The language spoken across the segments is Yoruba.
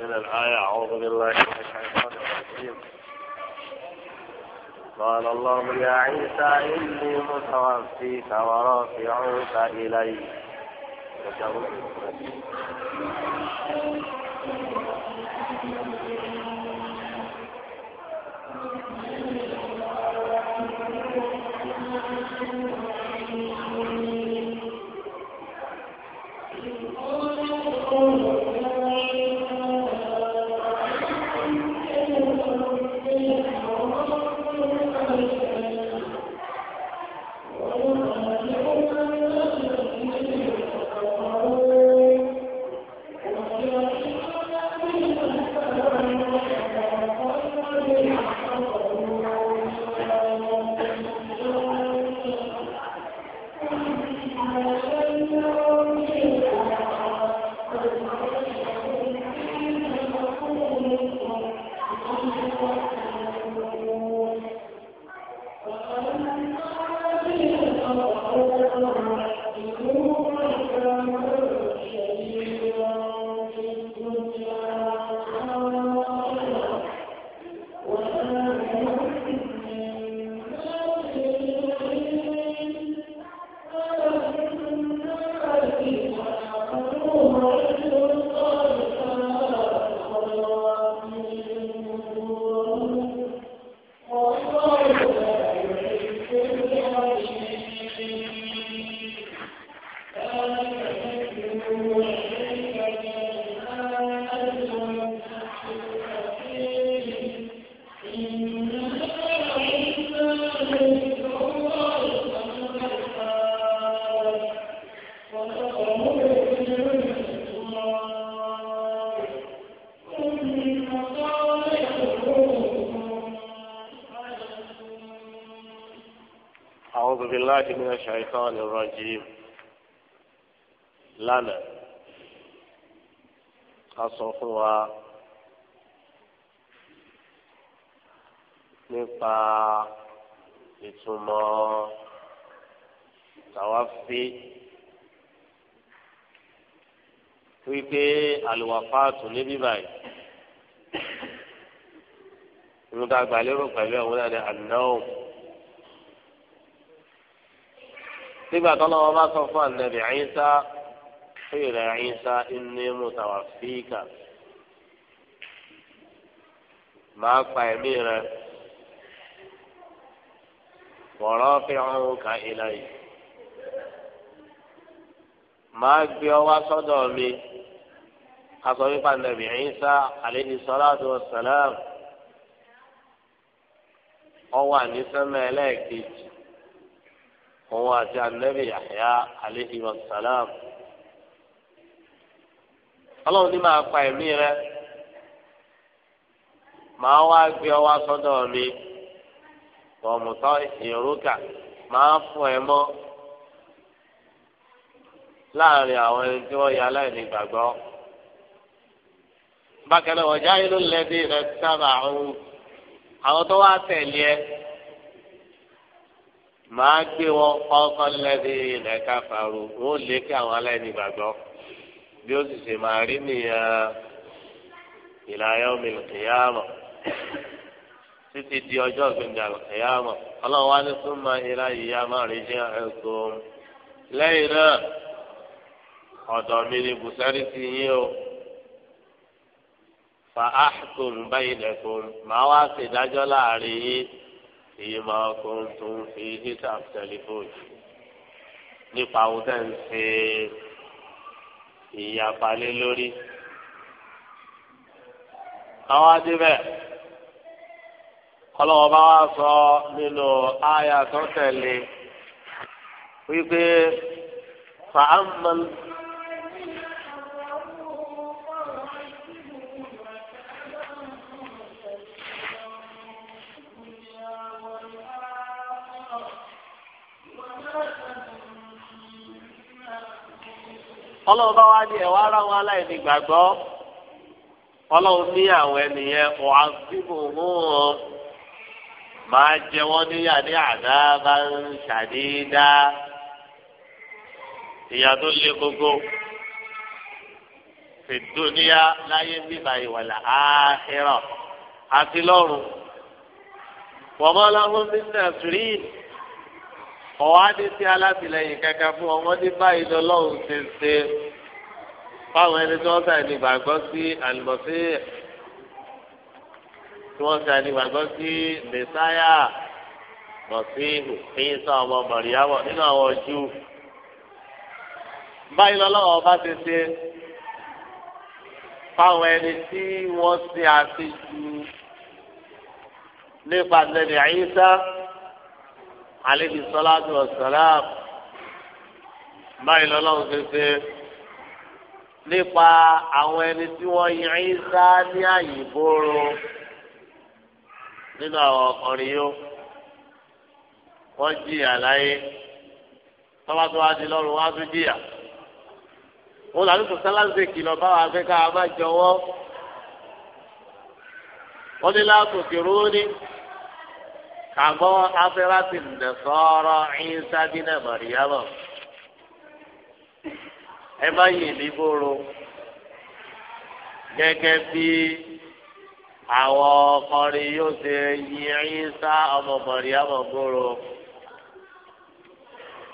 من الآية أعوذ بالله من الشيطان الرجيم قال الله يا عيسى إني متوفيك ورافعك إلي الشيطان الرجيم لنا أصفوا nípa ìtumọ̀ توفي wípé àlùwàfáàtù níbí báyìí ìmúdàgbà lérò pẹ̀lú ẹ̀wọ̀n náà ní ànáwó. nígbà tó lọ́wọ́ bá sọ fún ànábì Ìsá ìrẹ̀ Ìsá inni mutawaffika máa pa ẹ̀mí rẹ bọ̀rọ̀ fi hàn ká ilẹ̀ yìí máa gbé ọ wá sọ́dọ̀ mi kásọ̀ wípé ànábì Ìsá alayhi salatu wassalam ọ wà ní sẹ́mẹ̀ ẹlẹ́ẹ̀kejì. òun àti anabi Yahya aleyhi wa salam ọlọ́run ní máa pa eme rẹ Maa wá gbé ọ wá láàrin àwọn ẹni tí wọ́n yà aláìní gbàgbọ́ bákan náà wọ́n já rẹ sábà máa gbé wọn kọ́kọ́ lẹ́dí ilẹ̀ káfàrú wọn ò lé kí àwọn aláìní gbàgbọ́ bí ó sì ṣe máa rí nìyẹn ìlàyé omi ìkìyàmọ̀ títí di ọjọ́ ìgbìngà ìkìyàmọ̀ ọlọ́run wá ní fún ma ìlà ìyá máa jẹ́ ẹ̀gbọ́n lẹ́yìn náà ọ̀dọ̀ mi ni bùsẹ́rì ti yín o fa áhùkùn báyìí lẹ́kùn máa wá ṣèdájọ́ láàrin yín fìmà kùntùn fi hítà tẹlifóònù nípa àwọn tẹ̀ ń ṣe ìyàpálẹ́ lórí. àwọn adébẹ̀ kọlọ́wọ́ bá wá sọ nínú àyà tó tẹ̀lé wípé fàámà. ọlọ́run bá wá ní ẹ̀wọ́ ara wọn aláìní gbàgbọ́ ọlọ́run ní àwọn ènìyàn ọ̀hánfíìmù mú wọn máa jẹ wọ́n níyà ní àdá bá ń ṣàdídá ìyà tó le koko fìdúníà láyé bíbá ìwàlà áhírà àti lọ́run wọ́n mọ́ láwọn mí nàìjíríà ọ̀wádìí sí alátìlẹyìn kankan fún ọmọdé báyìí lọ́lọ́run ṣe ń ṣe fáwọn ẹni tí wọ́n sàì ní gbàgbọ́ sí àlùbọ̀sí tí wọ́n sàì ní gbàgbọ́ sí mẹsáyà bọ̀sí ìyìn sọ ọmọ mọ̀ríyáwọ̀ nínú àwọn ojú báyìí lọ́lọ́run ọba ṣe ṣe fáwọn ẹni tí wọ́n ṣe àṣejù nípa lẹ́nu àyíṣá aleyhi sọláàtù ọ̀sálàm báyìí lọ́lọ́run ṣe ṣe nípa àwọn ẹni tí wọ́n yan ìsá ní àyìnbóró nínú àwọn ọkùnrin yó wọ́n jìyà láyé tọ́ba tó wá di lọ́rùn wá tún jìyà wọn làwọn tó sálá kìlọ̀ báwa fẹ́ ká wọ́n ní láàtò kìrú ní. ka afẹ́rẹ́sì nẹ̀sọ́rọ́ ẹ̀yìnsá bínú mọ̀ríyámọ̀ ẹ má yìn ní bóró gẹ́gẹ́ bí àwọn ọkọrin yóò ṣe yin ẹ̀yìnsá ọmọ mọ̀ríyámọ̀ bóró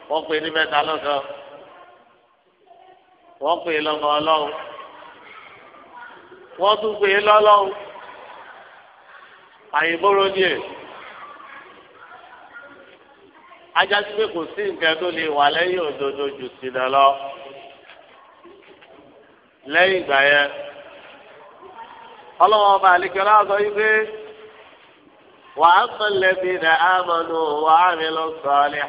wọ́n pè ní mẹta lọ́sàn wọ́n pè lọ́mọ ọlọ́run wọ́n tún pè ajásí pé kò sí nǹkan tó lè wà lẹ́yìn òdodo jù sínú lọ lẹ́yìn ìgbà yẹn ọlọ́wọ́ ọba àlekẹ́lá sọ yí pé wàá sọ lẹ́bi rẹ̀ ámọ́nù wàá mi lọ sọ ọ́ ní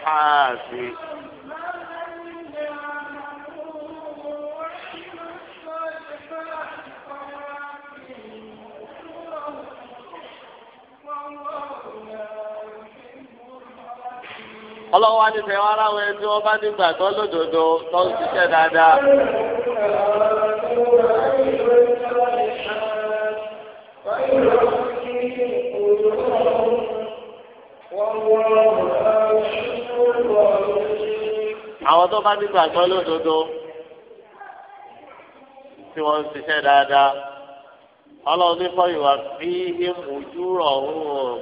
ọlọ́wọ́ adìsẹ́ wa ráwọn ẹni tí wọ́n bá nígbà tó lódodo tó ń ṣiṣẹ́ dáadáa. àwọn tó bá nígbà tó lódodo tí wọ́n ń ṣiṣẹ́ dáadáa ọlọ́run ní fọ́ ìwà fi ìmùjú rọ̀ ọ̀hún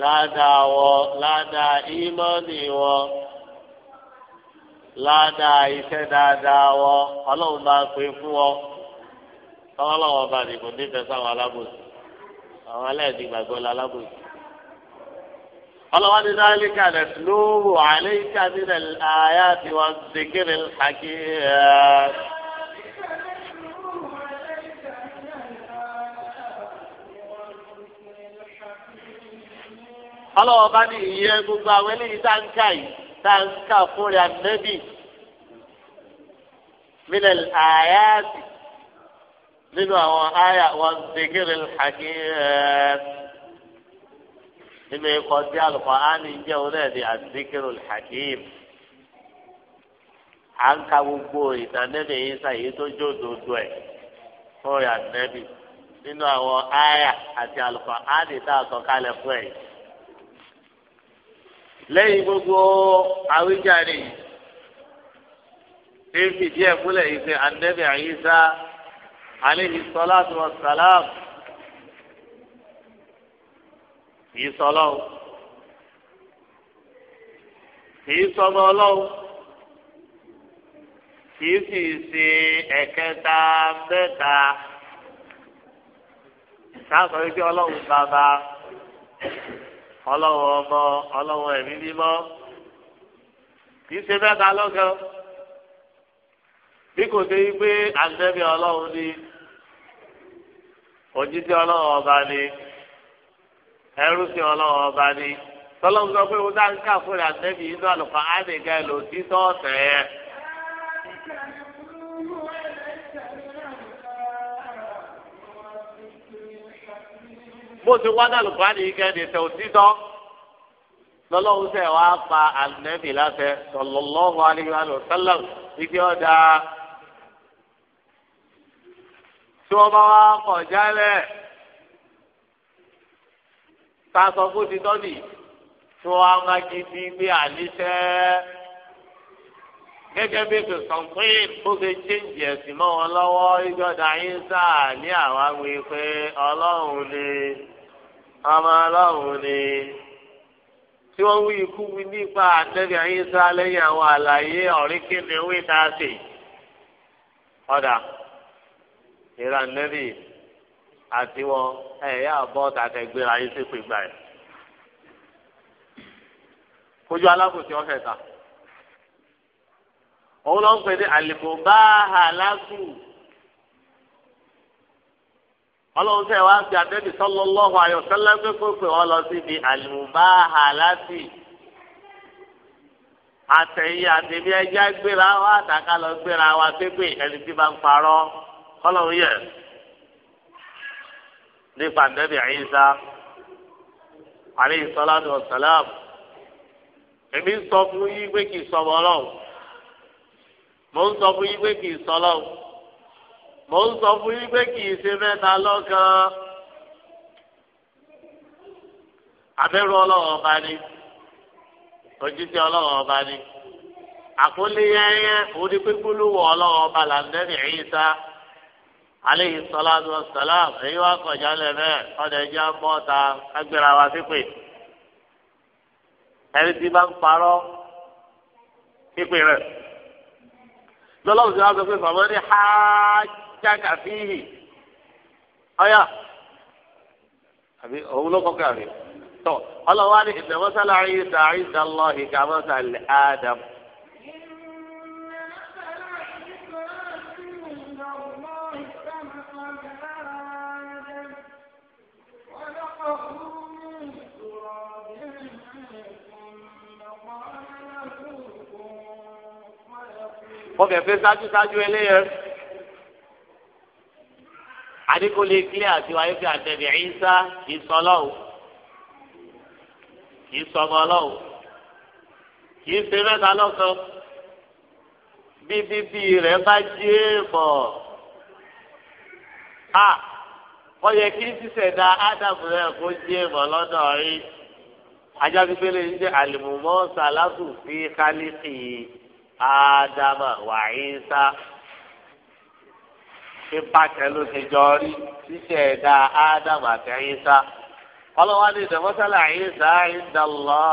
ládàá wọn ládàá ìmọ̀nì wọn ládàá iṣẹ́ dáadáa wọn ọlọ́run bá pè fún wọn káwọn ọlọ́run bá nìkú nífẹ̀ẹ́ sáwọn alábòsí àwọn aláìsí gbàgbọ́ la alábòsí. ọlọ́wọ́n ní sáyẹ́lì kàdé lóòwò àlẹ́ ìkàdé àyà tiwọn ṣèkéré àkíyà. ọlọ́wọ́ bá ní ìyẹn gbogbo àwọn eléyìí tá ń ká yìí tá ń ká fúnra ànábì mílẹ̀ àyàtì nínú àwọn àyà wọn dèkèrè àkè nínú ikọ̀ tí alùpàá á jẹ́ òun náà ní à ń ka gbogbo ìtànẹ́bì yìí sàyè tó jó dodo ẹ̀ fúnra ànábì nínú àwọn àyà àti tá a sọ kálẹ̀ lẹ́yìn gbogbo àwíjàre ṣé fìdí ẹ̀ múlẹ̀ yìí pé ànábì Ìsá alayhi salatu wa salam kìí sọ ọlọ́wọ́ kìí sọ ọmọ ọlọ́wọ́ kìí sì ṣe ẹ̀kẹta mẹ́ta sáà sọ wípé ọlọ́wọ́ bàbá. ọlọ́wọ́ ọmọ ọlọ́wọ́ ẹ̀mí mímọ́ kì í ṣe mẹ́ta lọ́gàn bí kò ṣe wípé ọlọ́run ni ọba ni ẹrú sí ọba ni tọ́lọ́run sọ pé o dá ń kà fún inú àlùfáà bó ti wá náà lùkọ́ àdìyí kẹ́ ẹ̀dẹ̀ tẹ̀ òtítọ́ lọ́lọ́run sẹ̀ wá pa àlùnẹ́bì láfẹ́ sallallahu alaihi wa sallam ibi ọ̀dà tí wọ́n bá wá kọ̀ jálẹ̀ ká sọ fún ti tọ́lì tí wọ́n á má gidi gbé àníṣẹ́ gẹ́gẹ́ bí kìsàn pé ó ṣe chéǹjì ẹ̀sìn mọ́ wọn lọ́wọ́ ibi yín sáà ní àwọn àgbè pé ni ọmọ ọlọ́run ni tí wọ́n wí ikú wí nípa àtẹ́bí àyíṣá lẹ́yìn àwọn àlàyé ọ̀rí kíni wí tá a sè ọ̀dà ìrànlẹ́bí àti wọn ẹ̀yà bọ́ tàtẹ́gbéra yín sí pègbà ẹ̀ kojú alákòóso ọ̀fẹ́ ta òun ló ń pè ní àlìmọ́ bá a lásù ọlọ́run sẹ́yìn wá ń fi àtẹ́bí sallallahu alaihi wasallam pépé wọn lọ síbi al-mubahalati àtẹ̀yìn àtẹ̀mí ẹja gbéra wa àtàkà lọ gbéra wa pépé ẹni tí bá ń parọ́ ọlọ́run yẹ nípa àtẹ́bí Ìsá alaihi salatu wassalam èmi ń sọ fún yí pé kì í sọ ọlọ́run mò ń sọ fún yí pé kì í sọ ọlọ́run. mo ń sọ fún yín pé kì í ṣe mẹ́ta lọ́kàn abẹ́rù ọba ni ojúṣe ọlọ́run ọba ni àkọlé yẹnyẹn òdi ọba làǹdẹ́nì aleyhi èyí wá kọjá ṣáàkà fíìhì ọ̀yà àbí òun ló kọ́kọ́ rẹ̀ tọ́ ọlọ́wọ́ ni ìdàmọ́sálà ìdá ìdá lọ́hìn kàmọ́sà lè ádàm. mo fẹ́ fẹ́ ṣáájú ṣáájú eléyẹn àdínkù lè kílẹ̀ àti wáyé pé àtẹ̀bí ẹ̀yìnsá kì í sọ ọlọ́wọ́ kì í sọmọ ọlọ́wọ́ kì í ṣe mẹ́ta lọ́kan bí bíbí rẹ̀ bá jí èèmọ̀ a wọ́n yẹ kí sísẹ̀dá ádámù rẹ̀ kó jí èèmọ̀ lọ́nà rí ajáde pé lè jẹ́ àlùmọ́ fi kálífì ádámà wà ẹ̀yìnsá ìpàkẹ́ ló ti jọ rí ṣíṣe ẹ̀dá ádámù àti ayíṣá ọlọ́wọ́ ní ìdẹ̀mọ́sálà ayíṣá ìdàlọ́.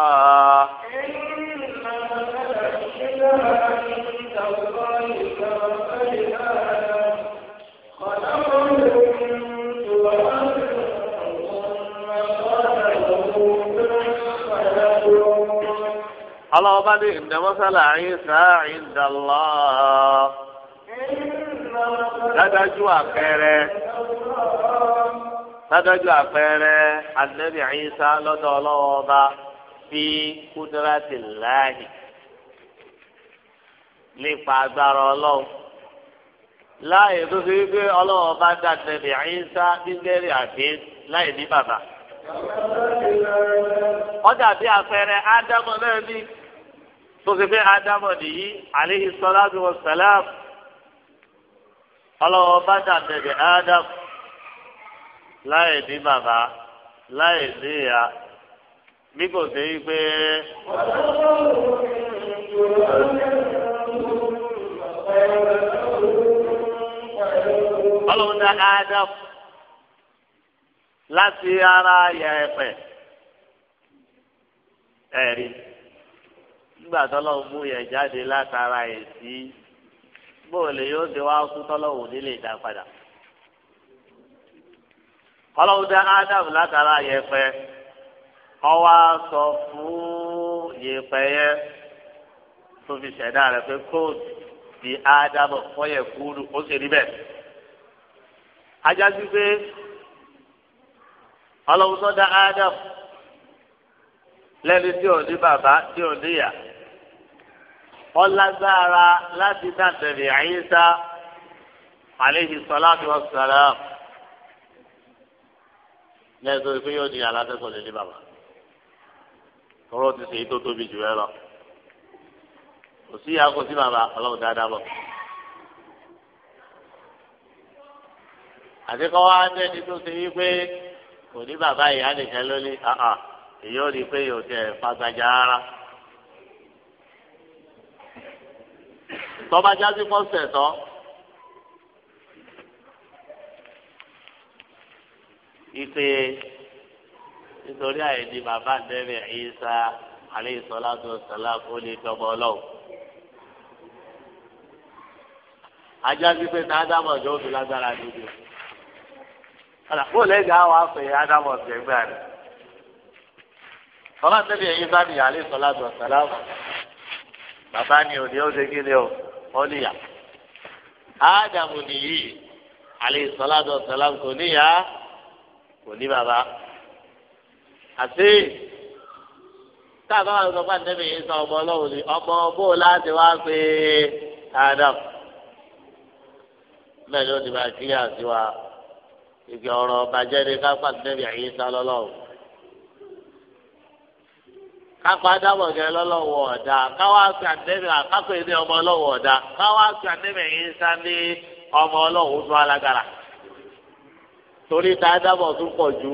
ọlọ́wọ́ bá ní ìdẹ̀mọ́sálà ayíṣá ìdàlọ́. dájú àpẹẹrẹ dájú àpẹẹrẹ anabi Isa ọba fi kúdírátì láàyè nípa agbára ọlọ́run láàyè tó fi gbé ọlọ́run bá dá tẹ̀lé àyínsá bíbélì àgbé láì ní bàbá. ọjà bí àpẹẹrẹ náà ní tó fi gbé ọlọ́wọ́ bá dàbẹ̀bẹ̀ Adam láì ní bàbá láì ní ìyá bí kò sí pé. ọlọ́wọ́ dá Adam láti ara yẹ ẹ̀fẹ̀ ẹ̀rí nígbà tó lọ́wọ́ mú yẹn jáde látara ẹ̀ sí. bóòlù yóò ṣe wá kú tọ́lọ́wù nílé ìdá padà. ọlọ́run dá Adam látara yẹ̀pẹ̀ ọwọ́ sọ fún yẹ̀pẹ̀ yẹn tó fi ṣẹ̀dá rẹ̀ pé kóòtù di Adam fọyẹ̀ kúrú ó sì rí bẹ́ẹ̀. ajá pé ọlọ́run tó dá Adam lẹ́ni tí ò ní bàbá tí ò ní ìyá ọlágbára láti dàtẹ̀lé àyíṣà àléhi sọláàtì ọ̀sàlá lẹ́sọ̀ ìpín yóò di alátẹ́sọ̀ lélẹ́ bàbá tọrọ ti ṣèyí tó tóbi jù ẹ lọ kò sí ìyá kò sí bàbá ọlọ́run dáadáa bọ̀. àti kọ́ wá dẹ́ni tó ṣe wípé kò ní bàbá ìyá nìkan lónìí èyí ò rí i pé yóò tẹ̀ fagbájá rárá. tọ́ba jáde fọ́sẹ̀ tọ́. ìpè nítorí àìdí bàbá àdẹ́rẹ́ ìsá alayhi salatu wassalam ó lè tọmọ ọlọ́wọ́. ajá pípé tá ádámọ̀ jọ òbí lágbára dúdú. ọ̀nà kó lẹ́gà á wàá pè ádámọ̀ tẹ̀gbà rẹ̀. tọ́lá tẹ́lẹ̀ ìsá ni alayhi salatu wassalam bàbá ni òní ó ṣe kí ni o wọn níyà ádámù nìyí alayhi salatu wassalam kò níyà kò ní bàbá àti táàbà wà lọ́pàá nẹ́bí yìí sọ ọmọ ọlọ́run ni ọmọ bó láti wá pé ádámù bẹ́ẹ̀ ni ó ti bá kílíà sí wa ìgbà ọ̀rọ̀ bàjẹ́ ni ká pàṣẹ nẹ́bí yìí sọ kápá dábọ̀ gẹ lọ́lọ́wọ́ ọ̀dà káwá sí àndẹ́bẹ̀ àkápẹ́ ní ọmọ ọlọ́wọ́ ọ̀dà káwá sí àndẹ́bẹ̀ yìí sá ní ọmọ ọlọ́wọ́ tó alágara torí tá a dábọ̀ tó pọ̀ ju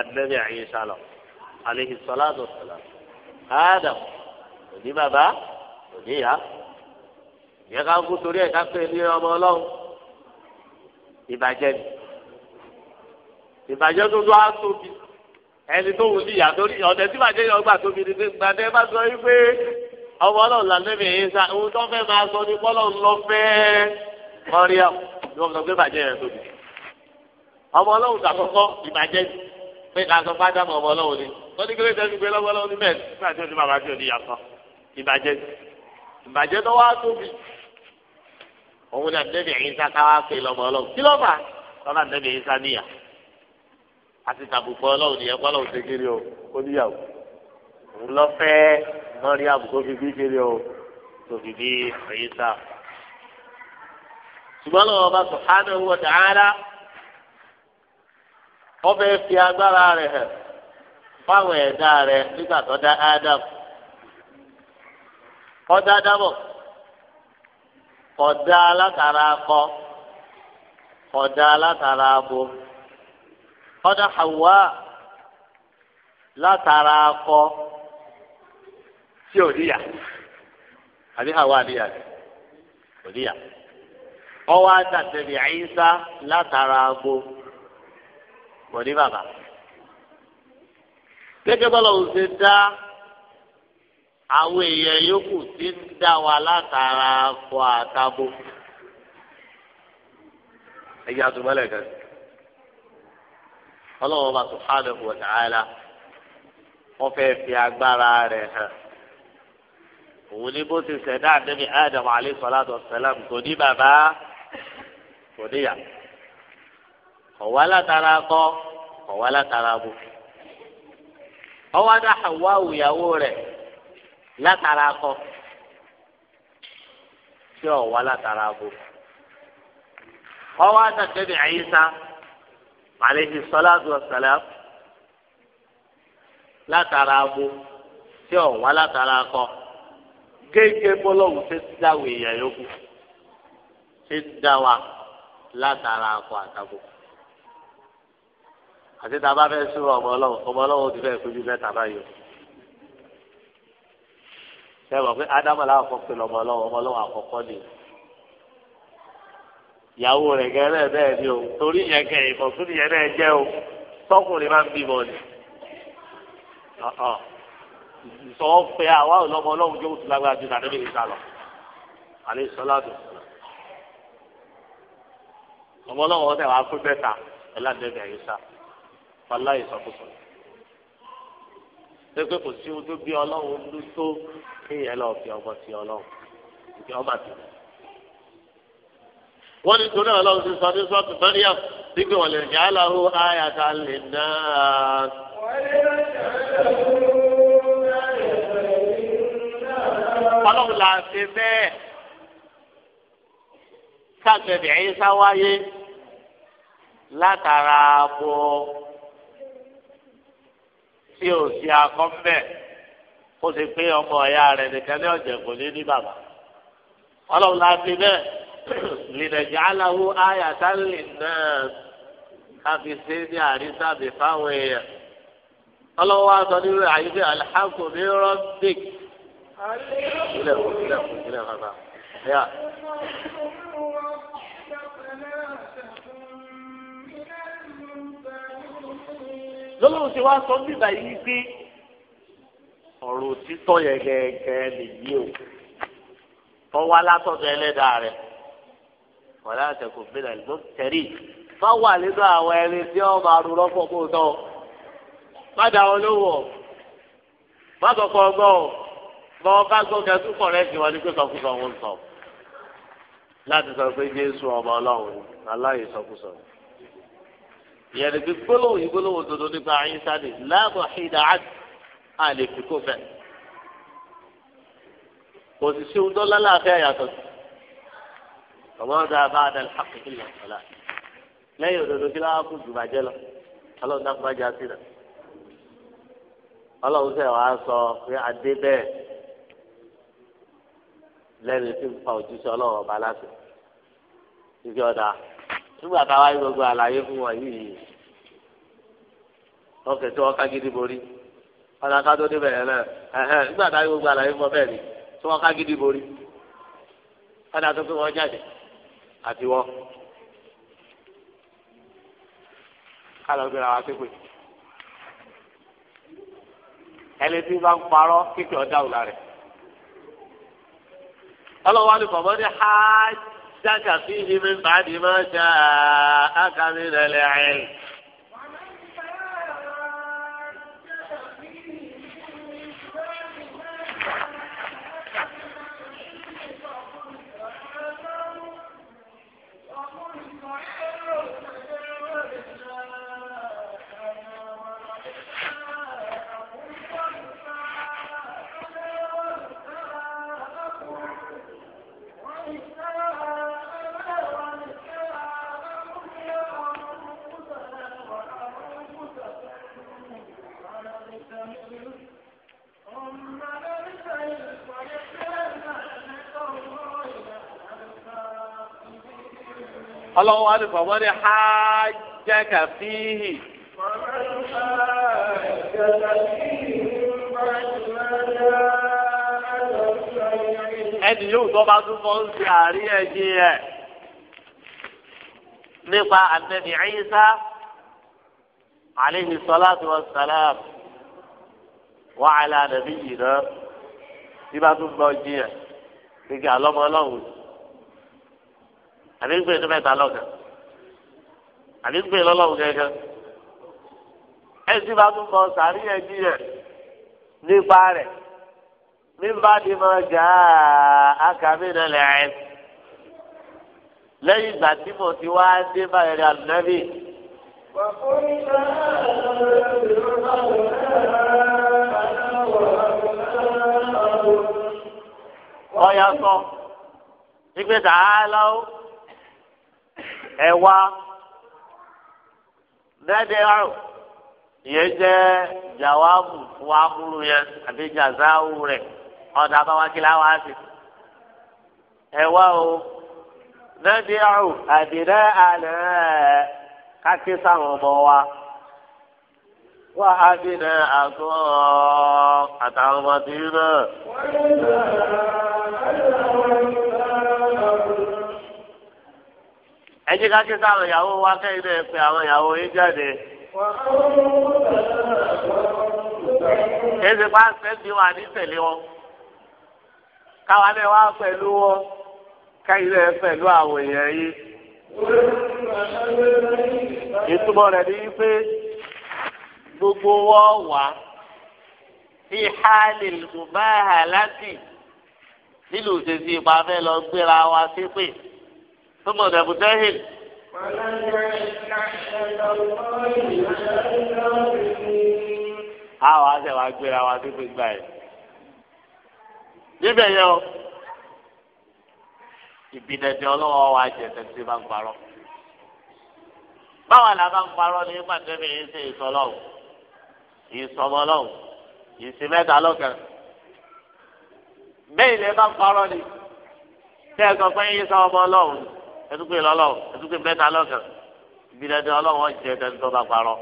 àndẹ́bẹ̀ yìí sá lọ aleyhi salatu salam adam òní bàbá òní ìyá ìyẹn ká kú torí ẹ̀ kápẹ́ ní ọmọ ọlọ́wọ́ ìbàjẹ́ ìbàjẹ́ tó tó á tóbi ẹni tó wù níyà tó ní ọ̀dẹ tí bàjẹ́ yọ gbà tóbi ni pé gbàdé bá sọ yín pé ọmọ ọlọ́run là lẹ́mìí yín sa ohun tó fẹ́ máa sọ ní kọ́lọ́run lọ fẹ́ mọ́ríà ni wọ́n sọ pé bàjẹ́ yẹn tóbi ọmọ ọlọ́run sàkọ́kọ́ ìbàjẹ́ pé kà sọ fájà mọ́ ọmọ ọlọ́run ni wọ́n ní kílódé tẹ́sí pé lọ́wọ́ ọlọ́run ní bẹ́ẹ̀ nígbà tí tí o ní yàtọ̀ ìbàjẹ́ àti tàbùkọ ọlọ́run nìyẹn kọ́ ọlọ́run ṣe kiri o ó níyàwó òun lọ fẹ́ mọ́rí kiri o tó fi bí ẹ̀yìn sá. ṣùgbọ́n lọ́wọ́ ọba subhanahu wa ta'ala ọbẹ̀ fi agbára rẹ̀ hàn fáwọn ẹ̀dá rẹ̀ nígbà tó dá dábọ̀ látara akọ látara abo. kọ́dà Hawa látara akọ tí ò níyà àbí Hawa níyà kò níyà ọwọ́ àtàtẹ̀lẹ̀ àyíṣá látara agbo kò ní bàbá gẹ́gẹ́ bọ́lá ò ṣe dá àwọn èèyàn yòókù tí ń dá wa látara akọ àtàbò ẹ̀yà tó ọlọ́wọ́ bá subhanahu wa ta'ala wọ́n fẹ́ fi agbára rẹ̀ hàn òun ni bó ti ṣẹ̀dá àdébí Adam alayhi salatu wassalam kò ní bàbá kò níyà ọ̀wá látara kọ́ ọ̀wá látara bò ọwọ́ adá Hawa ìyàwó rẹ̀ látara kọ́ tí ọ̀wá látara bò ọwọ́ adá àdébí Isa àlehi sọláàtù ọ̀sálàm látara abo tí ọ̀ wá látara kọ kéèké bọ́lọ́hùn ṣe ti dá àwọn èèyàn yòókù ṣe ti dá wa látara akọ àtàbò àti tá a bá fẹ́ sùn ọmọ ọlọ́wọ́ ọmọ ọlọ́wọ́ ti fẹ́ kojú mẹ́ta báyìí o ṣe é mọ̀ pé ádámọ̀ làwọn kọ́ pé ọmọ ọlọ́wọ́ àkọ́kọ́ nìyẹn ìyàwó rẹ̀ gẹ́rẹ́ bẹ́ẹ̀ ni o torí yẹn kẹ́ ìfọ̀sùn yẹn náà jẹ́ o tọkùnrin máa ń bímọ ni sọ pé àwa ò lọ́mọ jókòó tó lágbára ju tàbí ìta lọ àlẹ́ ìsọládùn ọmọ ọlọ́run ọ̀tẹ̀ wàá pé bẹ́ẹ̀ ta ẹ̀làdẹ́gbẹ̀ àyíṣà fọlá ìsọkùsọ pépé kò sí ohun tó bí ọlọ́run ló tó kéèyàn lọ fi ọmọ sí ọlọ́run ìfẹ́ ọmọ àti ìfẹ́ wọ́n ní torí ọlọ́run ti sọ ní sọ́ọ̀tù mẹ́ríà wípé wọ́n lè jẹ́ aláwo ayàtà lè náà. ọlọ́run là ń ṣe bẹ́ẹ̀ sáàgbẹ̀dẹ̀ ẹ̀yìn sáwáyé látara bọ́ tí ò sí akọ́ńbẹ̀ kó sì pé ọmọ ọ̀ya rẹ̀ nìkan ní ọ̀jẹ̀ kò ní ní bàbá ọlọ́run là ń ṣe bẹ́ẹ̀ lìdẹ̀jàláwo àyàtà lè náà káfí sí ní àrísà bí fáwọn èèyàn. ọlọ́wọ́ aṣọ nínú àyíké alhamdulilayi rọ́bìk. ilé ìwọ ilé ìwọ ilé ìwọ bàbá. lọ́lọ́run ti wá sọ nígbà yìí pé ọ̀rọ̀ òtítọ́ yẹn gẹ́gẹ́ lèyí o tọ́wá látọ̀dọ̀ ẹlẹ́dàá rẹ̀ wọ́n láti kò bílẹ̀ ló tẹ̀rí fáwọn àlejò àwọn ẹni tí wọ́n máa rú rọ́pò kó tọ́ má dá wọn lówó má kọ̀kọ́ gbọ́ bọ́ bá gbọ́ kẹ́tù kọ̀ rẹ́ sí wọn ní pé sọkúsọ wọn sọ láti sọ pé Jésù ọmọ Ọlọ́run aláyè sọkúsọ ìyẹn ní gbólóhùn ìgbólóhùn dodo nípa àyínsá ni láàbọ̀ ìdá àlè fi kó bẹ́ẹ̀ kò sì sí ohun tó lálàáfíà yàtọ̀ sí ọmọ ọdọ abáadà làkè ìlà ọlá lẹ́yìn òdodo kí láwọn kú jùbàjẹ lọ Ọlọ́run náà má já sí rẹ Ọlọ́run sẹ wàá sọ pé adé bẹ́ẹ̀ lẹ́nu tí ń fa òjíṣẹ́ Ọlọ́run ọba láti ìgbé ọdà nígbà táwa yí gbogbo àlàyé fún wọn yìí wọn kẹsí wọn ká gidi borí ọdà ká tó débẹ̀ náà ẹhẹn nígbà táwa yí gbogbo àlàyé fún wọn bẹ́ẹ̀ ni tí wọn ká gidi borí ọdà tó pé wọn jáde. àti wọ́ kálọ̀ gbéra wa pépè ẹni tí bá ń parọ́ kékeré ọ̀dà rẹ̀ ọlọ́wọ́ ọlọ́wọ́ àlùfọ̀ wọ́n ní hájákà fíhì. ẹni yóò tó bá tún fọ́ ń ṣe àríyànjiyàn nípa ànábì Ìsá aleyhi salatu wa salam wa ala nabiyyina tí bá tún gbọ́ jiyàn gbígbé àlọ́mọ ọlọ́run àbí gbé ẹjọ́ mẹ́ta lọ́gà àbí gbé lọ́lọ́run gẹ́gẹ́ ẹtí bá tún bọ sàárì ẹjí rẹ nípa rẹ nígbà tí mo jà ákàmì náà lẹ́yìn lẹ́yìn ìgbà tí mo ti wá dé báyìí rẹ àlùnábì. ọ̀yà sọ ìgbésà á lọ́wọ́. Ewa, wá dẹ́dẹ́ àrùn jẹ jẹ́ jàwáàbù fún amúlù yẹn àti jàzáwù rẹ ọ̀dà abáwákìlá wa sí ẹ wá o dẹ́dẹ́ àrùn àdìrẹ́ àlẹ́ kákí sáwọn ọmọ wa wà á dìrẹ́ àgọ́ àtàwọn ọmọ tìrì ẹ jẹ́ ká kí sáwọn ìyàwó wa kẹ́yìn náà pe àwọn ìyàwó yín jáde. èsì bá sẹ́ńdì wà ní tẹ̀lé wọn káwa náà wá pẹ̀lú wọn kẹ́yìn náà pẹ̀lú àwọn èèyàn yìí. ìtumọ̀ rẹ̀ ni wípé gbogbo wọn wà fi hali mubahalati nílùú ṣe sí ipa fẹ́ lọ gbéra wa sí pé. ثم أبو جاهل àwọn àṣẹ wa gbéra wa tó fi gbà yìí o ìbìnẹ̀dẹ̀ ọlọ́wọ́ wa jẹ tẹ̀sí máa ń parọ́ báwa la máa ń parọ́ ní pàtẹ́mì yìí ṣe ìsọlọ́wọ́ ìsọmọlọ́wọ́ ìsìmẹ́ta lọ́kẹ́ bẹ́ẹ̀ ni ẹ ń parọ́ ni tẹ́ ẹ sọ pé yìí sọ ọmọ ọlọ́wọ́ ni ẹtúkpé lọlọ ẹtúkpé mẹ́ta lọkàn ibi dẹdẹ ọlọ́run ọjẹ dẹdẹ tó bá parọ́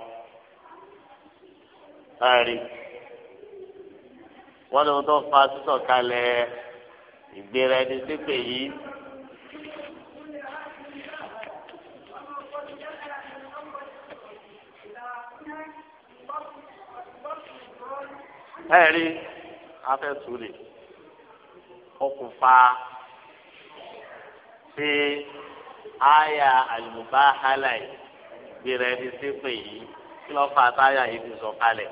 ẹrí wọn lóun tó fa sísọ kalẹ̀ ìgbéra ẹni sépè yìí. ẹ̀rí afẹ́sùlẹ̀ okùnfà ṣe àyà àlùbáhálà yìí gbéra ẹni sípè yìí kí ló fà táyà yìí fi sọ kalẹ̀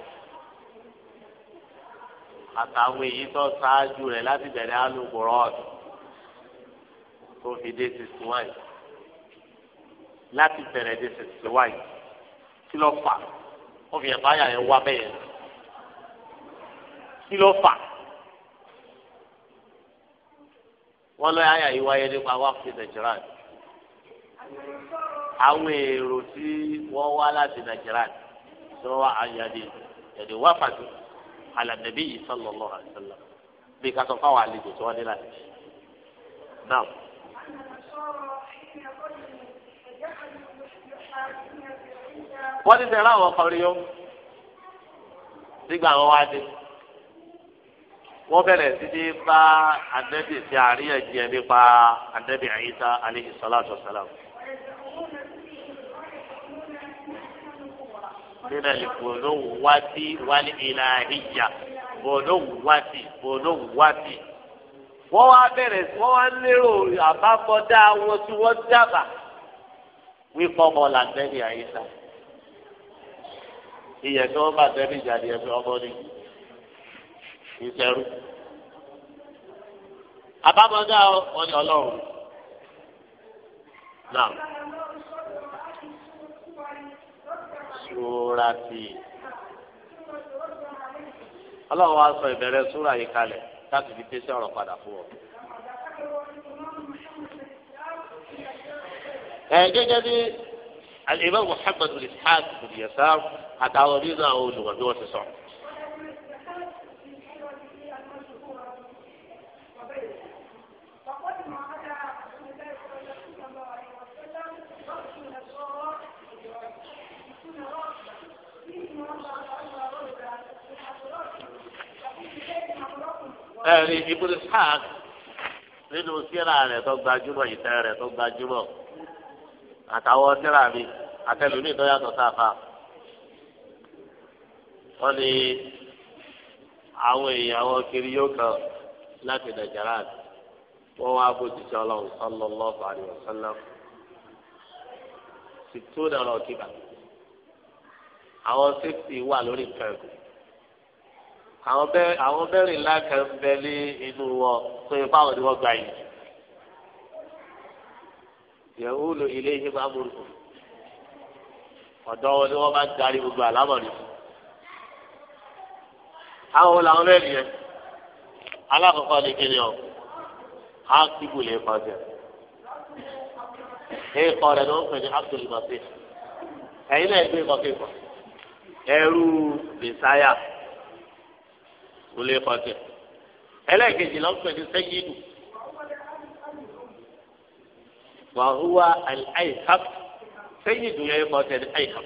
àtàwọn èyí tó ṣáájú rẹ̀ láti bẹ̀rẹ̀ alùpùpù ọ̀dùn tó fi dé sixty one láti bẹ̀rẹ̀ dé sixty one kí ló fà ó fi ẹ̀fọ́ àyà yẹn wá bẹ́ẹ̀ kí ló fà wọ́n lọ́ọ́ àyà yìí wáyé nípa wákìtì nàìjíríà àwọn èrò tí wọ́n wá láti nàìjíríà tí wọ́n wá àyàdè yàdè wá pàtó alàdàbí yìí sallallahu alaihi wasallam bí ká sọ fáwọn àlejò tí wọ́n dé láti ṣe. náà. wọ́n ti sẹ́ra àwọn ọkọ̀ rí yó nígbà wọn wá dé wọ́n bẹ̀rẹ̀ sí ní bá ànábì sí àríyànjiyàn nípa ànábì Ìsá alayhi salatu wassalam. من البنوة والإلهية بنوة بنوة wọ́n wá bẹ̀rẹ̀ wọ́n wá lérò àbábọ́dá wọn tí wọ́n dábàá wípọ́ ọmọ làgbẹ́ni àyíká ìyẹn tí wọ́n bá bẹ́ẹ̀ jáde ẹgbẹ́ ọmọ ni ìṣẹ́rú àbábọ́dá ọlọ́run. náà súra ti ọlọ́run wa sọ ìbẹ̀rẹ̀ súra yìí kalẹ̀ láti fi pèsè ọ̀rọ̀ padà fún ọ. ẹ gẹ́gẹ́ bí alimami muhammadu ishaq bin yasar àtàwọn nínú àwọn olùwàbí wọn ti sọ̀rọ̀. ẹ̀rí ibùdó sáàk nínú síra rẹ̀ tó gbajúmọ̀ ìtẹ́ rẹ̀ tó gbajúmọ̀ àtàwọn síra mi àtẹlùmí tó yàtọ̀ sáfà wọ́n ní àwọn èèyàn àwọn kiri yóò kàn láti Najaran wọ́n wá bó ti sọ ọlọ́run sallallahu alaihi wasallam sì tó dọ̀rọ̀ kíkà àwọn sèpì wà lórí kẹ̀kọ́ àwọn bẹ́ẹ̀ àwọn bẹ́ẹ̀rì ńlá kan bẹ ní inú wọn tó yẹ fáwọn ni wọ́n gbà yìí. yẹ̀wò lo ilé iṣẹ́ máa mú un. ọ̀dọ́ wọn ni wọ́n máa ń darí gbogbo àlámọ̀rí. àwọn wo làwọn bẹ́ẹ̀ nìyẹn. alákọ̀ọ́kọ́ ni kí ni ọ ákíbù lè kọjá. èèkọ̀ rẹ̀ ló ń pè ní Abdul Masih. ẹ̀yin náà gbé kọ́kí kọ́. ẹrú bìsáyà. ولي قاتل هلاك جلالك سيد وهو الأيهب سيد ولي قاتل الأيهب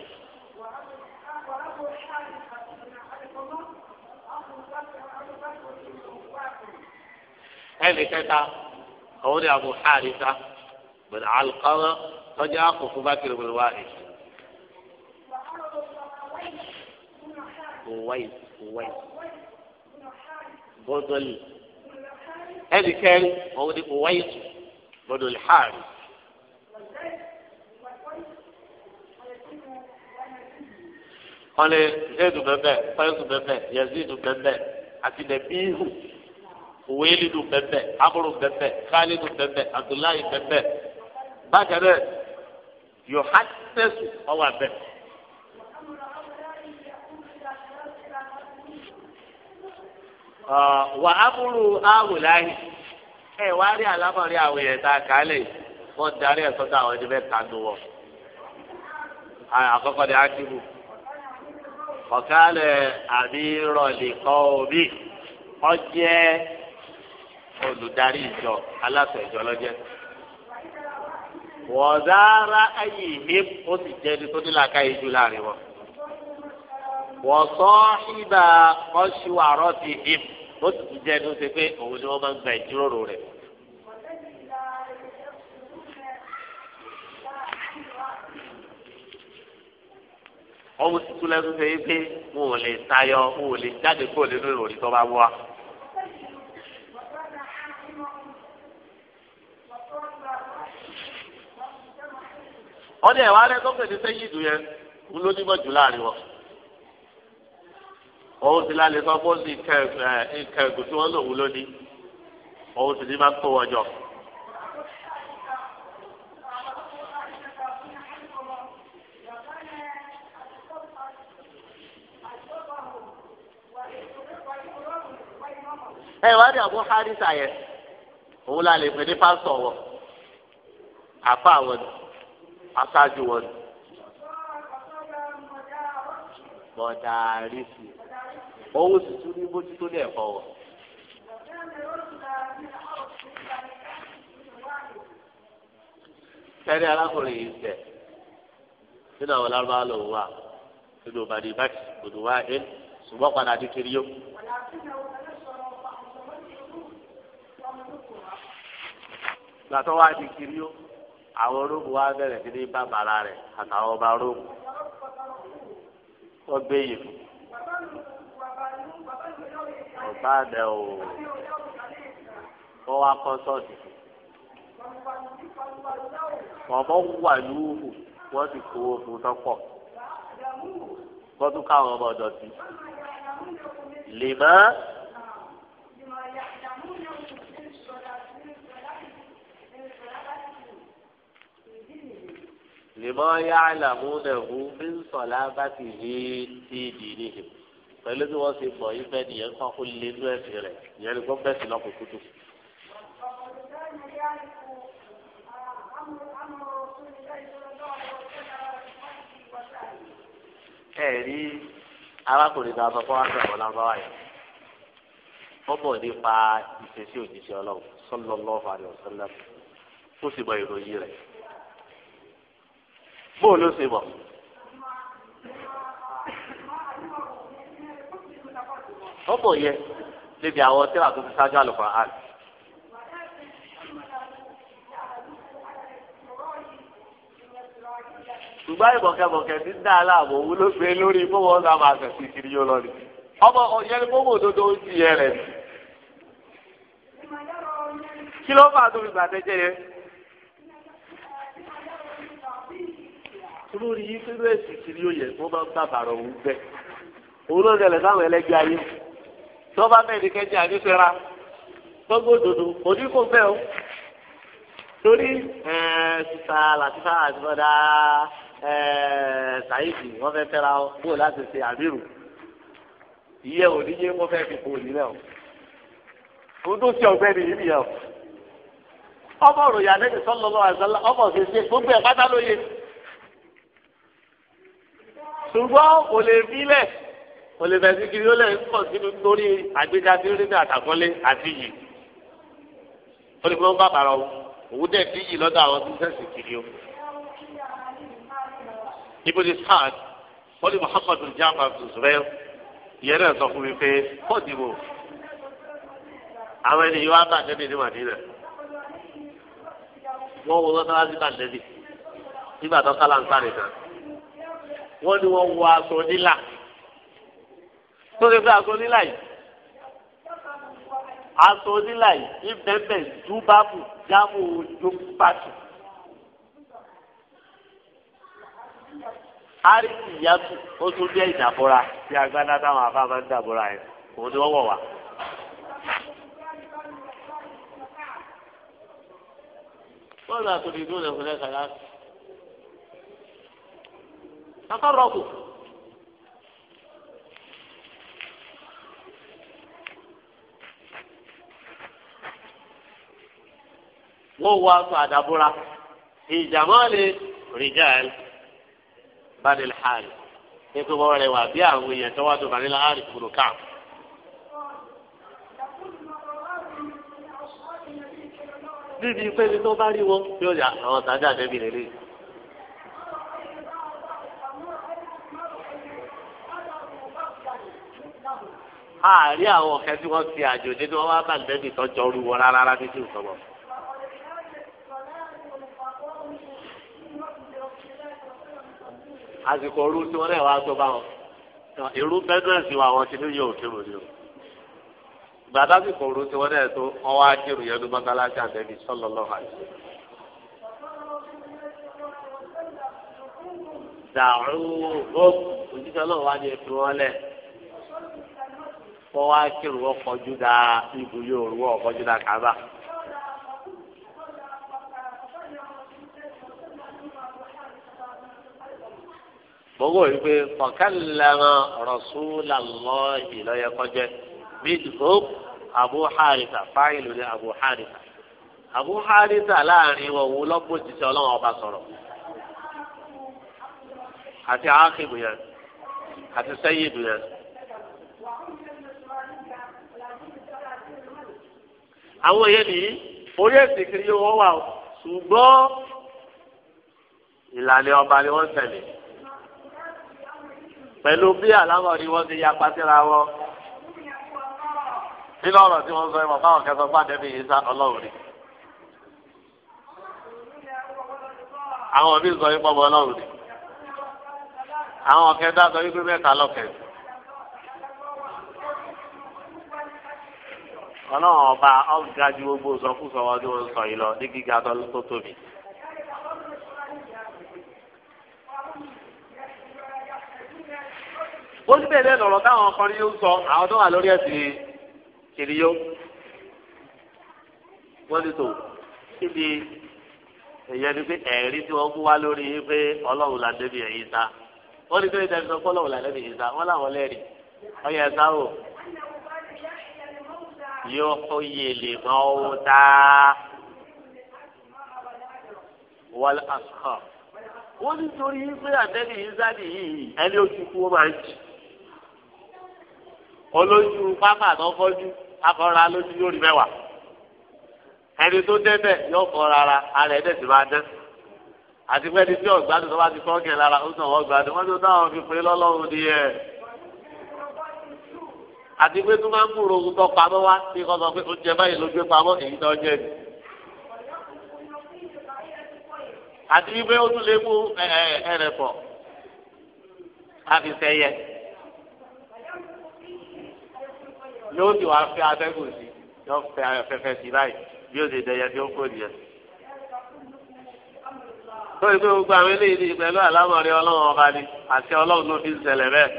هلاك هو أبو حارثة من علقمة قد يعقف بكر بن الوائل وين وين bọ́dọ̀lì ẹnì kẹrin òun ni kò wáyé tù bọ́dọ̀lì hàrì. wọ́n lé zéèdù bẹ́ẹ̀ fáyọ̀sù bẹ́ẹ̀ yazídù bẹ́ẹ̀ àti nàbíhù wéèlìdù bẹ́ẹ̀ amúrù bẹ́ẹ̀ kálídù bẹ́ẹ̀ abdullahi bẹ́ẹ̀ bákan náà yohannes ọwà bẹ́ẹ̀. wà á múlù áwù alamori ẹ wá rí àlámọ̀rí àwọn èèyàn tá a kà á lè wọ́n darí ẹ̀ sọ́dọ̀ àwọn ẹni mẹ́ta nù wọ́n. àkọ́kọ́ ni ákíbù ọ̀kálẹ̀ àbírọ̀lìkọ́ omi ọjẹ́ olùdarí ìjọ aláṣẹ ìjọ lọ́jẹ́ wọ̀ọ́dára ayé ìhé ó sì jẹ́ ẹni tó ní làákàyè jù láàrin wọn. wọ́sọ́ọ́hìnà ọ̀ṣùwàrọ̀ ti hìm ó sì jẹ́ ẹni ó ṣe pé òun ni wọ́n máa ń gba ìjíròrò rẹ̀. ọmọ tuntun pé ò lè tayọ ò lè jáde kó lè lórí bá wá. wọ́n ní ẹ̀wá rẹ̀ tó pè ní sẹ́yìn ìdù yẹn ń láàrin òun ti lálẹ́ sọ fún sí kẹ̀kẹ́ tí wọ́n lòun lónìí òun sì ní máa ń kó wọn jọ. ẹ wá ní àbú harisa yẹn òun la lè pè ní pásítọ̀ wọn àfa wọn aṣáájú wọn bọ̀dà àrísì. òun sì tún ní bójútó ní ẹ̀kọ́ wọn. sẹ́ni alákùnrin yìí tẹ̀ nínú àwọn nínú bàdí bàtì wá ẹ̀ ṣùgbọ́n padà kiri yó. gbàtọ́ wá di kiri yó àwọn bẹ̀rẹ̀ sí ọ̀tá àdẹ ò kọ́ wa kọ́ sọ́ọ̀tì. ọ̀bọ̀ wà lúwù wọ́n ti kó oṣù tó pọ̀ gbọ́dún káwọn ọmọ ọ̀dọ̀ sí. lèmọ́ lèmọ́ yá àlàmú nẹ̀hún bí ń bá ti rí sí ìdí nìyẹn pẹ̀lú bí wọ́n ṣe bọ̀ yìí fẹ́ nìyẹn kan ó lé inú ẹ̀sìn rẹ̀ ìyẹn ni wọ́n bẹ̀sì lọ́kùn kútù. ẹ rí arákùnrin náà sọ fún akẹ́kọ̀ọ́ lágbára yẹn wọ́n bọ̀ nípa ìṣesí òjíṣẹ́ ọlọ́run sallallahu alaihi wasallam ó sì mọ ìròyìn rẹ̀ bóòlù sì mọ̀. tọ́pọ̀ yẹ níbi àwọn tíra tó ti ṣáájú àlùkò àlù. ṣùgbọ́n ìbọ̀kẹ́bọ̀kẹ́ ti ń dá aláàbò wúlò pé lórí fọwọ́ ọ̀gá máa sí kiri yóò lọ ọmọ ọ̀yẹ́ ni fọwọ́ òdodo ń ti yẹ rẹ̀. kí ló fà á yẹn? kiri yóò yẹ bẹ́ẹ̀. òun ń sáwọn tí mẹ́rin kẹ́jẹ́ àdífẹ́ra gbogbo òdòdó kò fẹ́ o torí sísá làtífà àti bọ́dá wọ́n fẹ́ fẹ́ra bó láti ṣe àbírù ìyẹ́ òní yé wọ́n fẹ́ fi kò nílẹ̀ o òun tó ṣe yìí nìyẹn o ọmọ òròyìn àlejò sọlọ́lọ́ àzọ́lá ọmọ òṣèṣe gbogbo ẹ̀ pátá lóye ṣùgbọ́n kò lè fi lẹ̀ olùfẹ́ síkiri ó lẹ̀ ń pọ̀ sínú torí àgbéga tí ó rí ní àtàkọ́lé àti yìí ó ní kí wọ́n bá bàrọ̀ òun dẹ̀ fi yìí lọ́dọ̀ àwọn tó ń sẹ́sì kiri o. ibi ni sad wọ́n ní muhammadu jama zuzurẹ́ ìyẹn náà sọ fún mi pé pọ̀ dìbò àwọn ènìyàn wá bá àtẹ́bí ní màdínà wọ́n wo lọ́sọ̀rọ̀ àti bàtẹ́bí nígbà tó kálá ń sáré náà wọ́n ní wọ́n wọ aṣọ nílà tó ṣe pé aṣọ onílà yìí aṣọ onílà yìí ìbẹ̀bẹ̀ dúbàbù jámù ojú pàtó. àríkì ìyàtú ó tún jẹ́ ìdàbọ̀ra tí agbádá táwọn afáfá ń dàbọ̀ra yẹn òun ni wọ́n wọ̀ wá. bọ́ọ̀lù àtòlì ìdúró lẹ́kọ̀ọ́ lẹ́kọ̀ọ́ láti. kó wọ aṣọ àdàbúra ìjàmọ́lé rìjáàlì bàdìl hàlì nípa wọn rẹwà bí àwọn èèyàn tó wá tó bàdìl hàlì kúrò káàpù. níbi pé ní tó bá rí wọn yóò yà àwọn sàdá débi lè lè. àárí àwọn ọ̀kẹ́ tí wọ́n ti àjò dé tí wọ́n wá bá nẹ́bí tọ́jọ́ ru wọn rárá rárá títí ìsọ̀bọ̀. àsìkò ooru tí wọ́n náà wá tó bá wọn irú bẹ́sẹ̀sì wa àwọn ti ní yóò kírun ni o gbàdá sì kòrò tí wọ́n náà tó wọ́n wá yẹn ló mọ́tálásí àtẹ́bí sallallahu alaihi dàrú ó òjíṣẹ́ náà wá ní ẹ̀fín wọn lẹ̀ wọ́n wá kírun kọjú dáa ibùyó òru wọ́n kọjú dáa kábà. gbogbo yìí pé kọ̀kẹ́lẹ́rọ rasulallah lọ́yẹ kọjá bídìbò abu harita fáìlì ní abu harita abu harita láàrin wọn wò lọ́gbọ̀n ti sọ ọlọ́run ọba sọ̀rọ̀ àti ákìbù yẹn àti sẹ́yìdù yẹn. àwọn yẹn nìyí orí ẹ̀sìn kiri wọn wà ṣùgbọ́n ìlànà ọba ni wọ́n tẹ̀lé pẹ̀lú bí àlámọ̀ ni wọ́n ti ya pàṣẹra wọn. nínú ọ̀rọ̀ tí wọ́n sọ ẹ̀mọ̀ fáwọn kẹsàn-án bá dẹ́bi yìí sá ọlọ́run ni. àwọn òbí sọ yìí pọ̀mọ́ ọlọ́run ni. àwọn kẹta sọ yìí pé mẹ́ta lọ́kẹ̀. ọlọ́run ọba ọ̀gá ju gbogbo sọkúsọ wọn tí wọ́n sọ yìí lọ ní gíga tó tóbi. ó sì bẹ̀rẹ̀ lọ̀rọ̀ táwọn ọkùnrin yóò sọ àwọn tó wà lórí ẹ̀sìn kìnìyó wọ́n ti tò síbi èyẹ ni pé ẹ̀rí tí wọ́n mú wá lórí yín pé ọlọ́run là débi ẹ̀yìn ta wọ́n ti tó yín tẹ́lifíṣàn pé ọlọ́run là débi ẹ̀yìn ta wọ́n láwọn lẹ́rìí ọyẹ ẹ̀sà o yóò kó yèlè mọ́ ó tá wọ́n ti torí pé àtẹ́bí yín sáà nìyí ẹni ó ti kú ó máa ń jì olójú pápá tó fọ́jú afọ́ra lójú yóò rí mẹ́wàá ẹni tó débẹ̀ yóò fọ́ra ara ara ẹ̀ dẹ̀sí máa dẹ́ àti pé ẹni tí ọ̀gbádùn tó bá ti fọ́ọ̀kẹ́ lára ó sàn wọ́n gbádùn wọ́n tó dáhùn fi pé lọ́lọ́run ni ẹ̀ àti pé tó máa ń múro ohun tó pamọ́ wá bí kò sọ pé oúnjẹ báyìí ló pamọ́ èyí tó jẹ́ ni. àti pé ó tún lè mú ẹ̀rẹ̀fọ̀ àfi sẹ́yẹ. yóò sì wá fẹ́ atẹ́gùn sí yóò fẹ́ afẹ́fẹ́ sí báyìí bí ó ti dẹyẹ tí ó kó nìyẹn. tó ìpè gbogbo àwọn eléyìí ni pẹ̀lú àlámọ̀rí ọlọ́run ọba ni àti ọlọ́run ló fi ń ṣẹlẹ̀ bẹ́ẹ̀.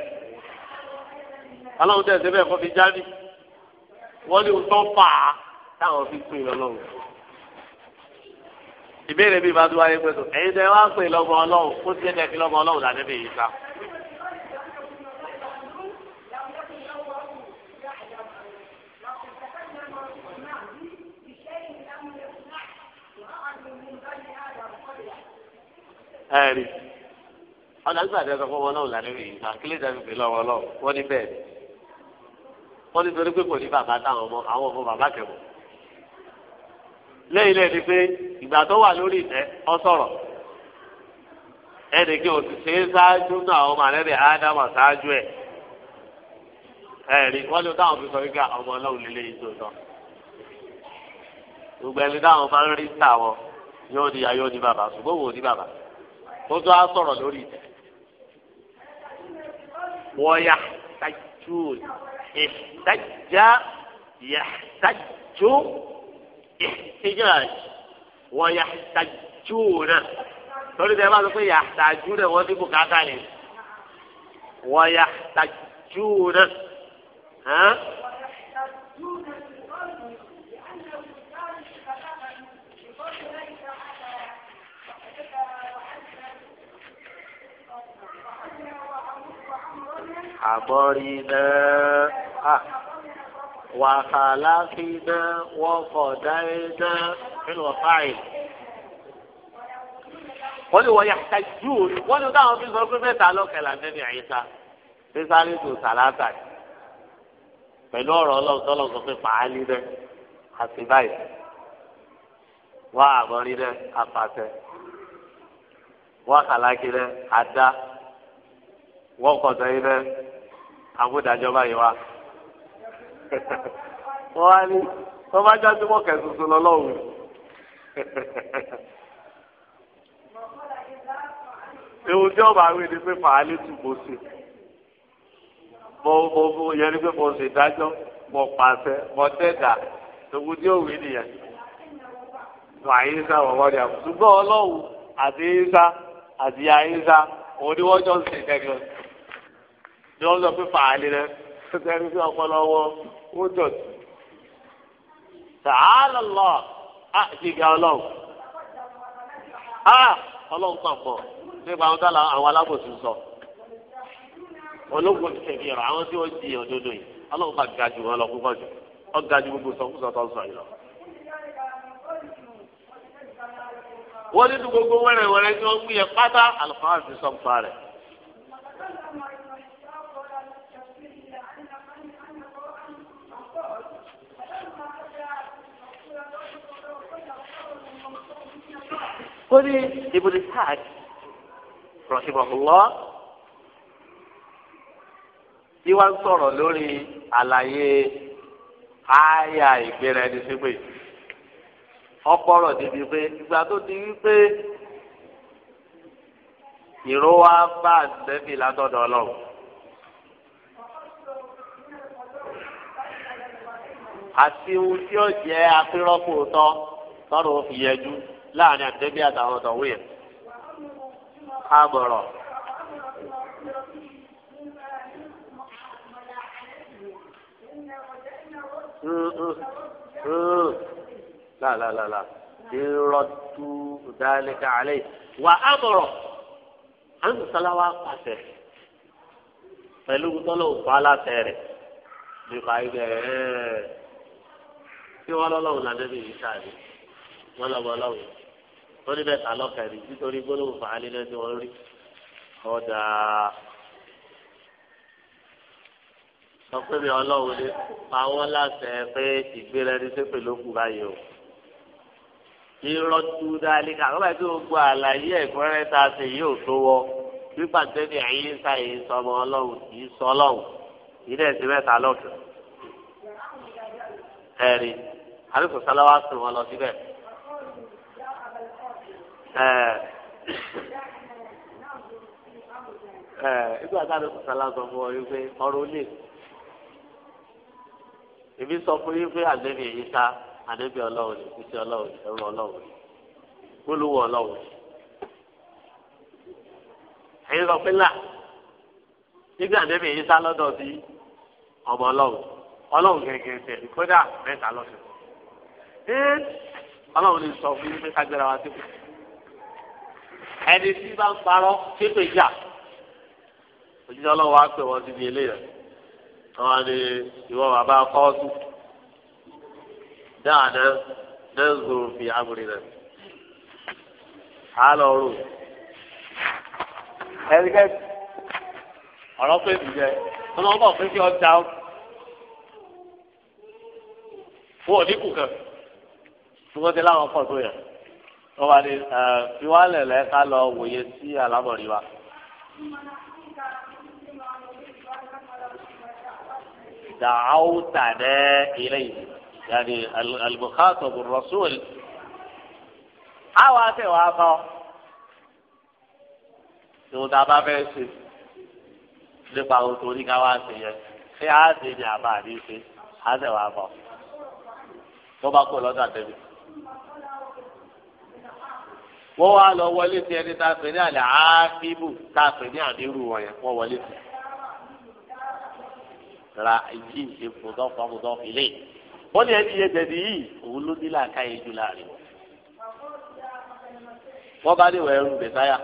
ọlọ́run tẹ̀sí bẹ́ẹ̀ kó fi jáde wọ́n ní tó fà á táwọn fi pè lọ́lọ́run. ìbéèrè bíi bá tó wáyé pẹ̀lú ẹ̀yin tẹ wá pè lọ́mọ ọlọ́run ó ti ẹ̀ ẹ̀rí ọ̀dà nígbà tí a sọ fún ọmọ náà lànà ìrìn ìgbà ní ní torí pé kò ní bàbá táwọn ọmọ àwọn ọmọ bàbá pé ìgbà tó wà lórí ọ sọ̀rọ̀ ẹnìkan ò sì ṣe é ṣáájú náà ọmọ ádámà ṣáájú ní táwọn sọ wípé ọmọ lè tó gbogbo ẹni táwọn ń rí yóò ayé ó ní tó tó á sọ̀rọ̀ lórí ìtẹ̀. wọ́yà tajú ìtajà yàtajú ìtijàj wọ́yà tajú náà lórí ìtẹ̀ bá sọ pé yàtajú náà wọ́n ti bù káàkiri wọ́yà tajú náà. àbọ̀rìnà wàhálàfínà wọ́kọ̀dáínà nínú ọ̀fà yìí. wọ́n ní wọ́n yà tajú wọ́n ní táwọn fi sọ pé mẹ́ta lọ́kẹ̀lá nẹ́ni àyíká sísáré tó sàlátà pẹ̀lú ọ̀rọ̀ ọlọ́run tọ́lọ̀ sọ pé fàálí rẹ̀ àti báyìí wá àbọ̀rí rẹ̀ àfàtẹ wá kàlákì rẹ̀ àdá wọ́kọ̀dáínà àmúdájọ́ báyìí wá. wọ́n á ní wọ́n bá já sí mọ́kẹ́ tuntun lọ́lọ́run. ewu tí ọba àwọn èdè pé fàálì tù bó mo mo yẹn ni pé mo ṣe dájọ́ mo pàṣẹ mo tẹ̀dà ewu tí òwe nìyẹn àyíṣà wọ̀ wọ́n ni àbùsùgbọ́n ọlọ́run àti àyíṣà àti àyíṣà òun ni wọ́n jọ ń ṣe ìtẹ́gbẹ́ ni wọ́n sọ pé fàálì rẹ sẹ́ni sí ọpọlọ wọn ó dọ̀tí. sàálà lọ á ti ga ọlọ́run á ọlọ́run kàn pọ̀ nípa àwọn tá àwọn alábòsí sọ ológun tẹ̀lé rẹ àwọn tí wọ́n di òdodo yìí ọlọ́run bá ga jù wọn lọ púpọ̀ jù ọ ga jù gbogbo sọkúsọ tó ń sọ yìí lọ. wọ́n nínú gbogbo wẹ́rẹ̀wẹ́rẹ́ tí wọ́n gbé yẹn pátá àlùfáà fi sọ́ǹpa rẹ̀. ó ibu ibùdó tag rọ̀ṣìmọ̀lọ́ tí wọ́n ń sọ̀rọ̀ lórí àlàyé àyà ìgbéra ẹni sípè ọpọlọ débi pé ìgbà tó ti wí pé ìró wa bá àtẹ́bí látọ̀dọ̀ ọlọ́run. àti ohun tí ó jẹ́ apírọ́pò tọ́ tọ́rọ̀ fi láàrin àtẹ́bí àtàwọn ọ̀tọ̀wé yẹn àbọ̀rọ̀. láàlàlàlà ìrọ̀tù dálẹ́kà àlẹ́ wà àbọ̀rọ̀ àǹtọ̀sálàwà pàṣẹ pẹ̀lú tọ́lọ̀ òkú aláṣẹ rẹ̀ nípa ibẹ̀ ẹ̀ tí wọ́n lọ́lọ́run làdẹ́bí yìí sáà wọ́n lórí bẹ́ẹ̀ ta lọ́kẹ̀rì nítorí gbólóhùn fàálí lẹ́nu tí wọ́n rí ọ̀dà sọ pé mi ọlọ́run ní pa wọ́n láṣẹ pé ìgbéra ẹni ṣe pẹ̀lú òkú báyìí o ìrọ̀tù dáríkà lọ́ba tí gbogbo àlàyé ẹ̀kúnrẹ́rẹ́ ta ṣe yóò tó wọ́ pípa tẹ́lẹ̀ ayé ń sáyé sọmọ ọlọ́run kì í sọ ọlọ́run ilé ẹ̀sìn mẹ́ta lọ́kẹ̀ ẹ̀rí àlùfò sálọ́wà sùn wọn lọ síbẹ̀. ìgbà tá a lè sọ̀tà lásán fún ọ wípé ọrọ̀ sọ fún yín pé àdébì èyí ká àdébì ọlọ́run ni kùsì ọlọ́run ẹrù ọlọ́run gbólúwọ̀ ni. ẹ̀yin sọ pé là nígbà àdébì èyí ká lọ́dọ̀ sí ọmọ ọlọ́run ọlọ́run gẹ́gẹ́ tẹ̀ kódà mẹ́ta lọ́sẹ̀ ọlọ́run sọ fún yín pé ká gbéra ẹni tí bá ń parọ́ képe ìjà òjijì ọlọ́wọ́ á pè wọ́n síbi eléyà wọn ni ìwọ bàbá kọ́ọ̀tù dáadáa náà ń zòrò fi àmúrí náà á rò ẹnikẹ́ni ọ̀rọ̀ pé nìyẹn ọmọ ọmọ pé kí ọjà ó fún ọdínkù kan tí wọ́n pọ̀ tó yẹ tọ́wá ni fi wá lẹ̀lẹ́ ká lọ wòye sí alámọ̀rí wa. دعوتنا إليه يعني المخاطب الرسول àwọn àti ìwà akọ tó tá a bá fẹ́ ṣe nípa ohun tó ní ká wá ṣe yẹ ṣé àá ni àbá àdé ṣe àá ṣe wà akọ lọ́dọ̀ àtẹ̀bí wọ́n wá lọ wọlé sí ẹni tá a pè ní àlẹ́ àáfíìbù tá a pè ní àdéhùn wọn yẹn wọ́n wọlé sí. ra ìjì ìṣe fòdọ́fọ́ fòdọ́fọ́ ilé wọ́n ní ẹni yẹn tẹ̀lé yìí òun ló dé láàká yẹn jù láàrin wọn. wọ́n bá dé wẹ̀rù bẹ̀sáyà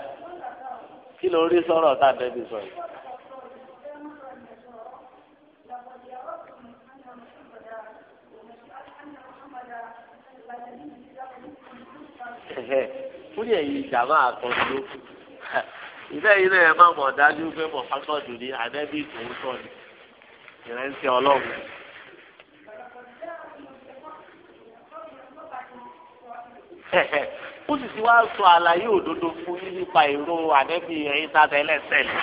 kí ló rí sọ̀rọ̀ tá a tẹ̀lé sọ̀rọ̀. Yeah fún ẹ̀yin ìjàmbá àkànṣe ìbẹ́ yìí náà ẹ má mọ̀ dájú pé Muhammadu ní anẹ́bí ìtòótọ́ ni ìrẹsì ọlọ́run. ó sì ti wá sọ àlàyé òdodo fún yín nípa ìró anẹ́bí ẹ̀yìn tàbí ẹlẹ́sẹ̀ ni.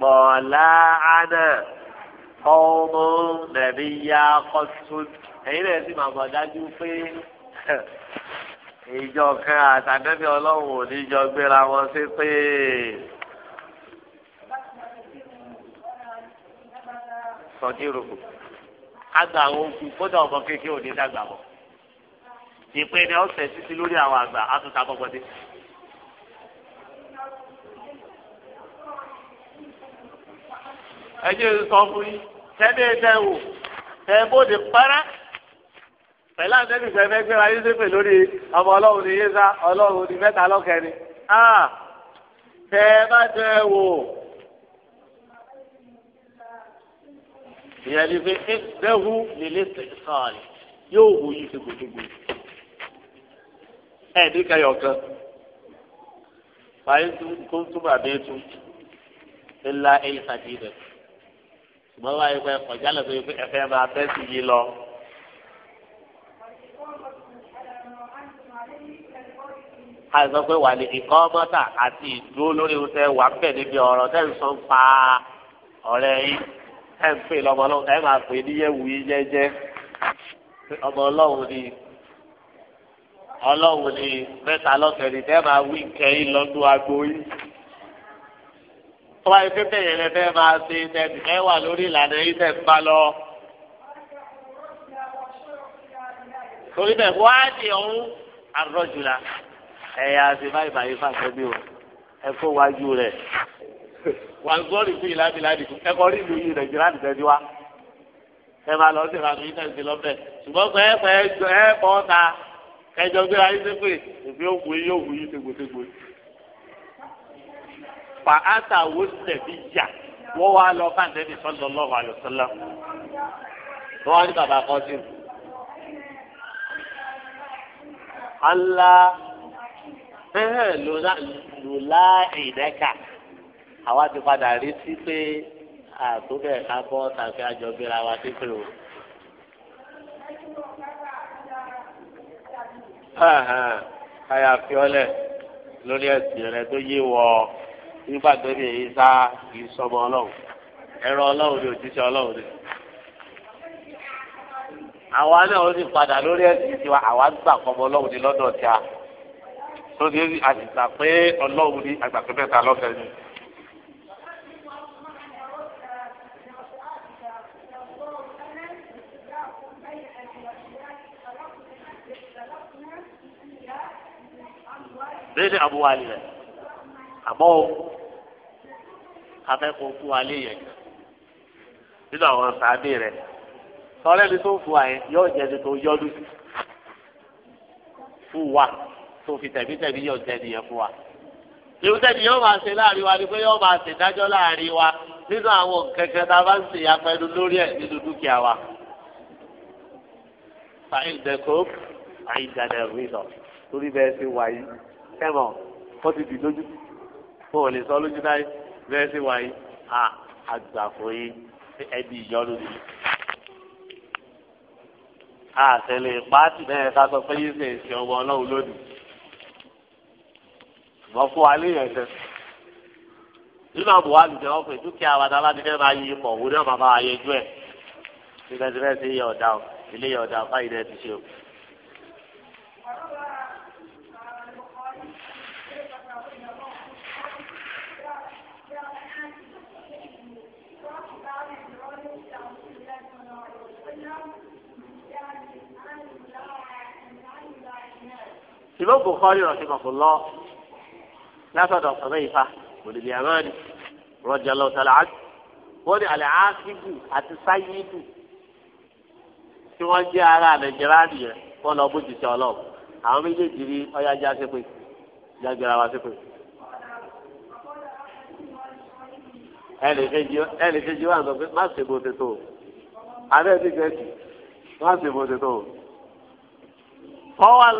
bọ̀lá àná ọmọ nàbíyá kọ́sùn ẹ̀yin náà sì máa mọ̀ dájú pé ìjọ kan àtàdébí ọlọ́run ò ní jọ gbéra wọn sí pé. sọdírò àwọn òkú kódà ọmọ kékeré ò dàgbà bọ̀ ìpè ni ọ̀sẹ̀ títí lórí àwọn àgbà àtúntà gbọ́gbọ́dé. ẹjẹ sọ fún yín tẹ́lẹ̀ tẹ́ tẹ́ bóde pẹ́rẹ́ pẹ̀lú àtẹ́bí fẹ́fẹ́ gbéra yín sépè lórí ọmọ ọlọ́run ní yéṣá ọlọ́run ní mẹ́ta lọ́kẹ́ni. tẹ ẹ bá tẹ ẹ wò ìyẹn ní fi dẹ́hu lílé sọ̀rọ̀ yóò wù yín sí gbogbo ẹ̀ ní kẹyọ̀ kan fàyè tó túbọ̀ àbẹ́ tún ńlá ẹ̀yìn sàdídẹ̀ ṣùgbọ́n wáyé pé ọ̀jálẹ̀ tó yẹ pé ẹ̀fẹ́ máa bẹ́ sí yín lọ. àìsàn pé wà ní ìkọ́ mọ́tà àti ìdúró lórí oúnjẹ wà ń bẹ̀ níbi ọ̀rọ̀ tẹ́ ń sọ ń pa ọ̀rẹ́ yín ẹ̀ ń pè lọ́mọ ọlọ́run ẹ̀ máa pè níyẹ̀wù yín jẹ́jẹ́ ọmọ ọlọ́run ni ọlọ́run ni mẹ́ta lọ́sẹ̀ ni tẹ́ máa wí nkẹ́ lọ́dún agbo yín. tọ́wá yìí pépè yẹn lẹ máa ṣe tẹ̀sí ẹ wà lórí ìlànà yín tẹ̀ ń bá lọ. torí bẹ́ẹ̀ wá ní ọ̀hún àrọ́jùlá ẹ̀yà àti báyìí báyìí fàṣẹ bí o ẹ kó wájú rẹ̀ wà gbọ́dọ̀ fún yìí láti láti fún ẹkọ rí ìlú yìí nàìjíríà ti tẹ́jú wa ẹ máa lọ sí ìrànlọ́yìn náà sí lọ́bẹ̀ ṣùgbọ́n pé ẹ pẹ́ ẹ pọ́ ta ẹjọ gbé ayé sépè èmi ò wù yín ò wù yín tegbòtegbò fa ata wo sẹbi yà wọ́n wá lọ bá nẹ́ẹ̀mí sọ́dọ̀ lùlá ìdẹ́ka àwa ti padà rí sí pé àtúbẹ̀ ká bọ́ tàbí àjọgbéra wa sí pé o. káyà fi ọlẹ̀ lórí ẹ̀sìn rẹ̀ tó yé wọ nígbà tó ní èyí sá kì í sọmọ ọlọ́run ẹ̀rọ ọlọ́run ni òjíṣẹ́ ọlọ́run ni àwa náà ó sì padà lórí ẹ̀sìn tiwa àwa gbà kọ́mọ ọlọ́run ni lọ́dọ̀ tí a tó di àgbà pé ọlọ́run ní àgbà pé mẹ́ta lọ́fẹ̀ẹ́ ni. bẹ́ẹ̀ni àbúwálé rẹ̀ àmọ́ afẹ́kọ̀ọ́ fún wa lé yẹn nínú àwọn sàádé rẹ̀ sọ́lẹ́ni tó fún wa yẹn yóò jẹ́ ẹni tó yọ́dún fún wa tó fi tẹ̀bítẹ̀bí yọ̀ tẹ́ni yẹn fún wa. ìwé tẹ́ni yóò máa ṣe láàrin wa ni pé yóò máa ṣe dájọ́ láàrin wa nínú àwọn kẹ̀kẹ́ tá a bá ń ṣe apẹnu lórí ẹ̀ nínú dúkìá wa. fàìdẹ̀kọ́ àìdàdẹ̀ rí lọ torí bẹ́ẹ̀ ṣe wà yìí kẹ́mọ̀ ó ti dì lójú fún òlè sọ lójú náà bẹ́ẹ̀ ṣe wà yìí à àgbà fún yín ẹbí ìyọ́nù ni àtẹlẹ pàtì náà ká sọ pé yín ṣe ìṣe ọmọ ọlọ́run lónìí wọ́n fún wa léyìn ẹ̀sẹ̀. nínú àbò wa lùjẹ́ wọ́n pè dúkìá wa dá láti fẹ́ máa yí ipò òun náà máa bá wa yẹjú ẹ̀. nígbà tí fẹ́ẹ́ sí o ilé iye ọ̀dà báyìí náà ti ṣe o. ìbọn kò kọ́ ọ́ yìí rọ̀ kọ̀ọ̀kan lọ́ọ́ látọ̀dọ̀ sọ̀rọ̀ ìfà òdìdí àmọ́ni rọjà lọ sọ̀rọ̀ àti wọ́n ní àlẹ́ ákíbù àti sáyídù tí wọ́n jẹ́ ara nàìjíríà nìyẹn wọ́n lọ bójú sí ọlọ́ọ̀ àwọn méjèèjì rí ọyá já sí pé jágbéra wa sí pé. ẹnì kejì wà lọ pé má ṣe bó ṣe tó o abẹ́ ẹ̀ ti má ṣe bó ṣe tó o.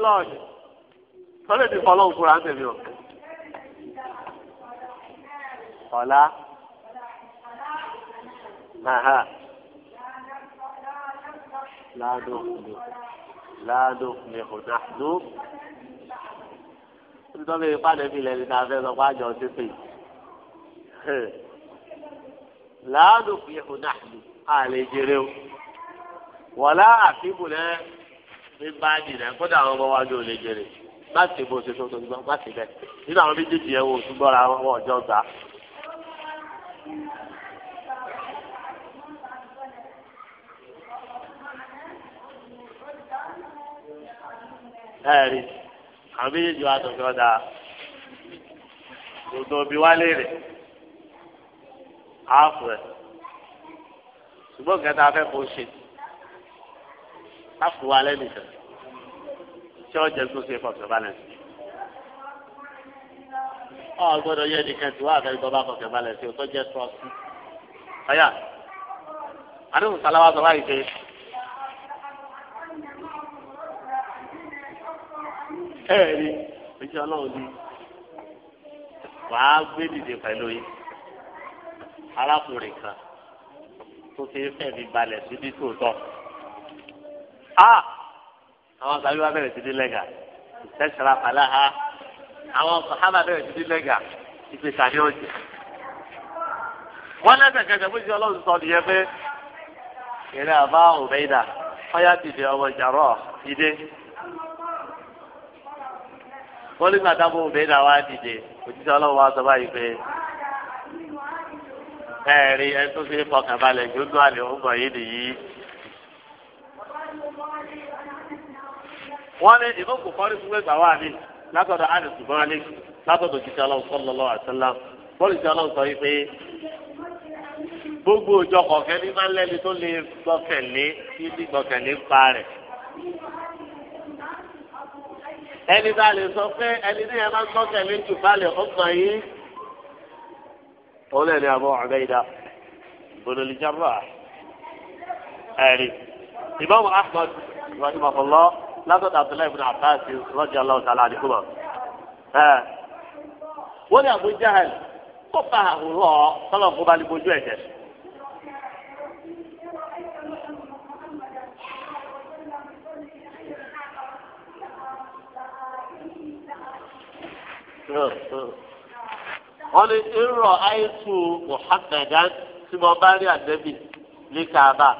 lọ́ọ̀dì tọ́lẹ̀ ti fọlọ́ ọ̀la aha ládùúgbò ládùúgbò ọ̀nàdù nítorí ìpàdé bíi lẹni tá a fẹ́ sọ pé àjọ ti pè ládùúgbò ọ̀nàdù a lè jèrè o wọ̀lá àfihù lẹ́ ní báàdì rẹ̀ kódà àwọn ọmọ wájú ò lè jèrè má sì bó ṣe tó tó gbọ́ má sì bẹ́ẹ̀ nínú àwọn méjèèjì yẹn wò ó túbọ̀ ra wọn ọjọ́ gbà ẹ̀rí àwọn méjèèjì wa tó fi ọ̀dà gbogbo òbí wa léèrè àáfù ẹ̀ ṣùgbọ́n kẹta afẹ́ kò ṣe àáfù wa lẹ́nìkan tí ọ̀jẹ̀ tó ṣe fọ̀kẹ́ balẹ̀ sí ọ̀ gbọ́dọ̀ yẹ nìkan tí wọ́n àfẹ́ gbọ́dọ̀ fọ̀kẹ́ balẹ̀ sí o tó jẹ́ trọ́ọ̀sì. àdéhùn sáláwá sọ wáyé pé. ẹ̀rí oṣù ọlọ́run ni wàá gbé dìde pẹ̀lú yìí arákùnrin kan tó ṣe é fẹ̀mí balẹ̀ sí ní tòótọ́ àwọn sàbí wa bẹ̀rẹ̀ sí ní lẹ́gà ìtẹ́sẹ̀ra pàlà ha àwọn sàhábà bẹ̀rẹ̀ sí ní lẹ́gà ọlọ́run sọ nìyẹn pé àbá ọmọ ìjàrọ̀ ìdè. wọ́n lé gbàdábò bẹ́ẹ̀dà wá dìde òjijì ọlọ́wọ́ wa sọ báyìí pé ẹ̀rí ẹ tó fi fọkàn balẹ̀ gbogbo àlè ọgbọ̀n yìí nìyí. wọ́n ní ìmọ̀kù kọ́rí fún gbẹ̀gbà wá mi látọ̀dọ̀ àlè ṣùgbọ́n alẹ́ látọ̀dọ̀ òjijì ọlọ́wọ́ sọ́lọ́lọ́ àṣẹlá bọ́ọ̀lù ìjọ ọlọ́wọ́ sọ yìí pé gbogbo òjọ kọ̀ọ̀kẹ́ ní máa ń lẹ́ni tó lè gbọ́kànlé tí ní ẹni tá a lè sọ pé ẹni tí yẹn bá ń gbọ́kẹ̀ lé jù balẹ̀ ọkàn yìí. òun lẹ́ni Abu Ubaida ibn al-Jarrah ẹ̀rí. Imam Ahmad rahimahullah látọ̀dọ̀ Abdullahi ibn Abbas radiyallahu ta'ala anhuma. wọ́n ní Abu Jahal kó pa àwòrán ọ̀ sọ́lọ́ fún balẹ̀ bójú ẹ̀jẹ̀. wọ́n ní irọ́ àìsù muhammadan tí mo bá rí àdébì ní kaaba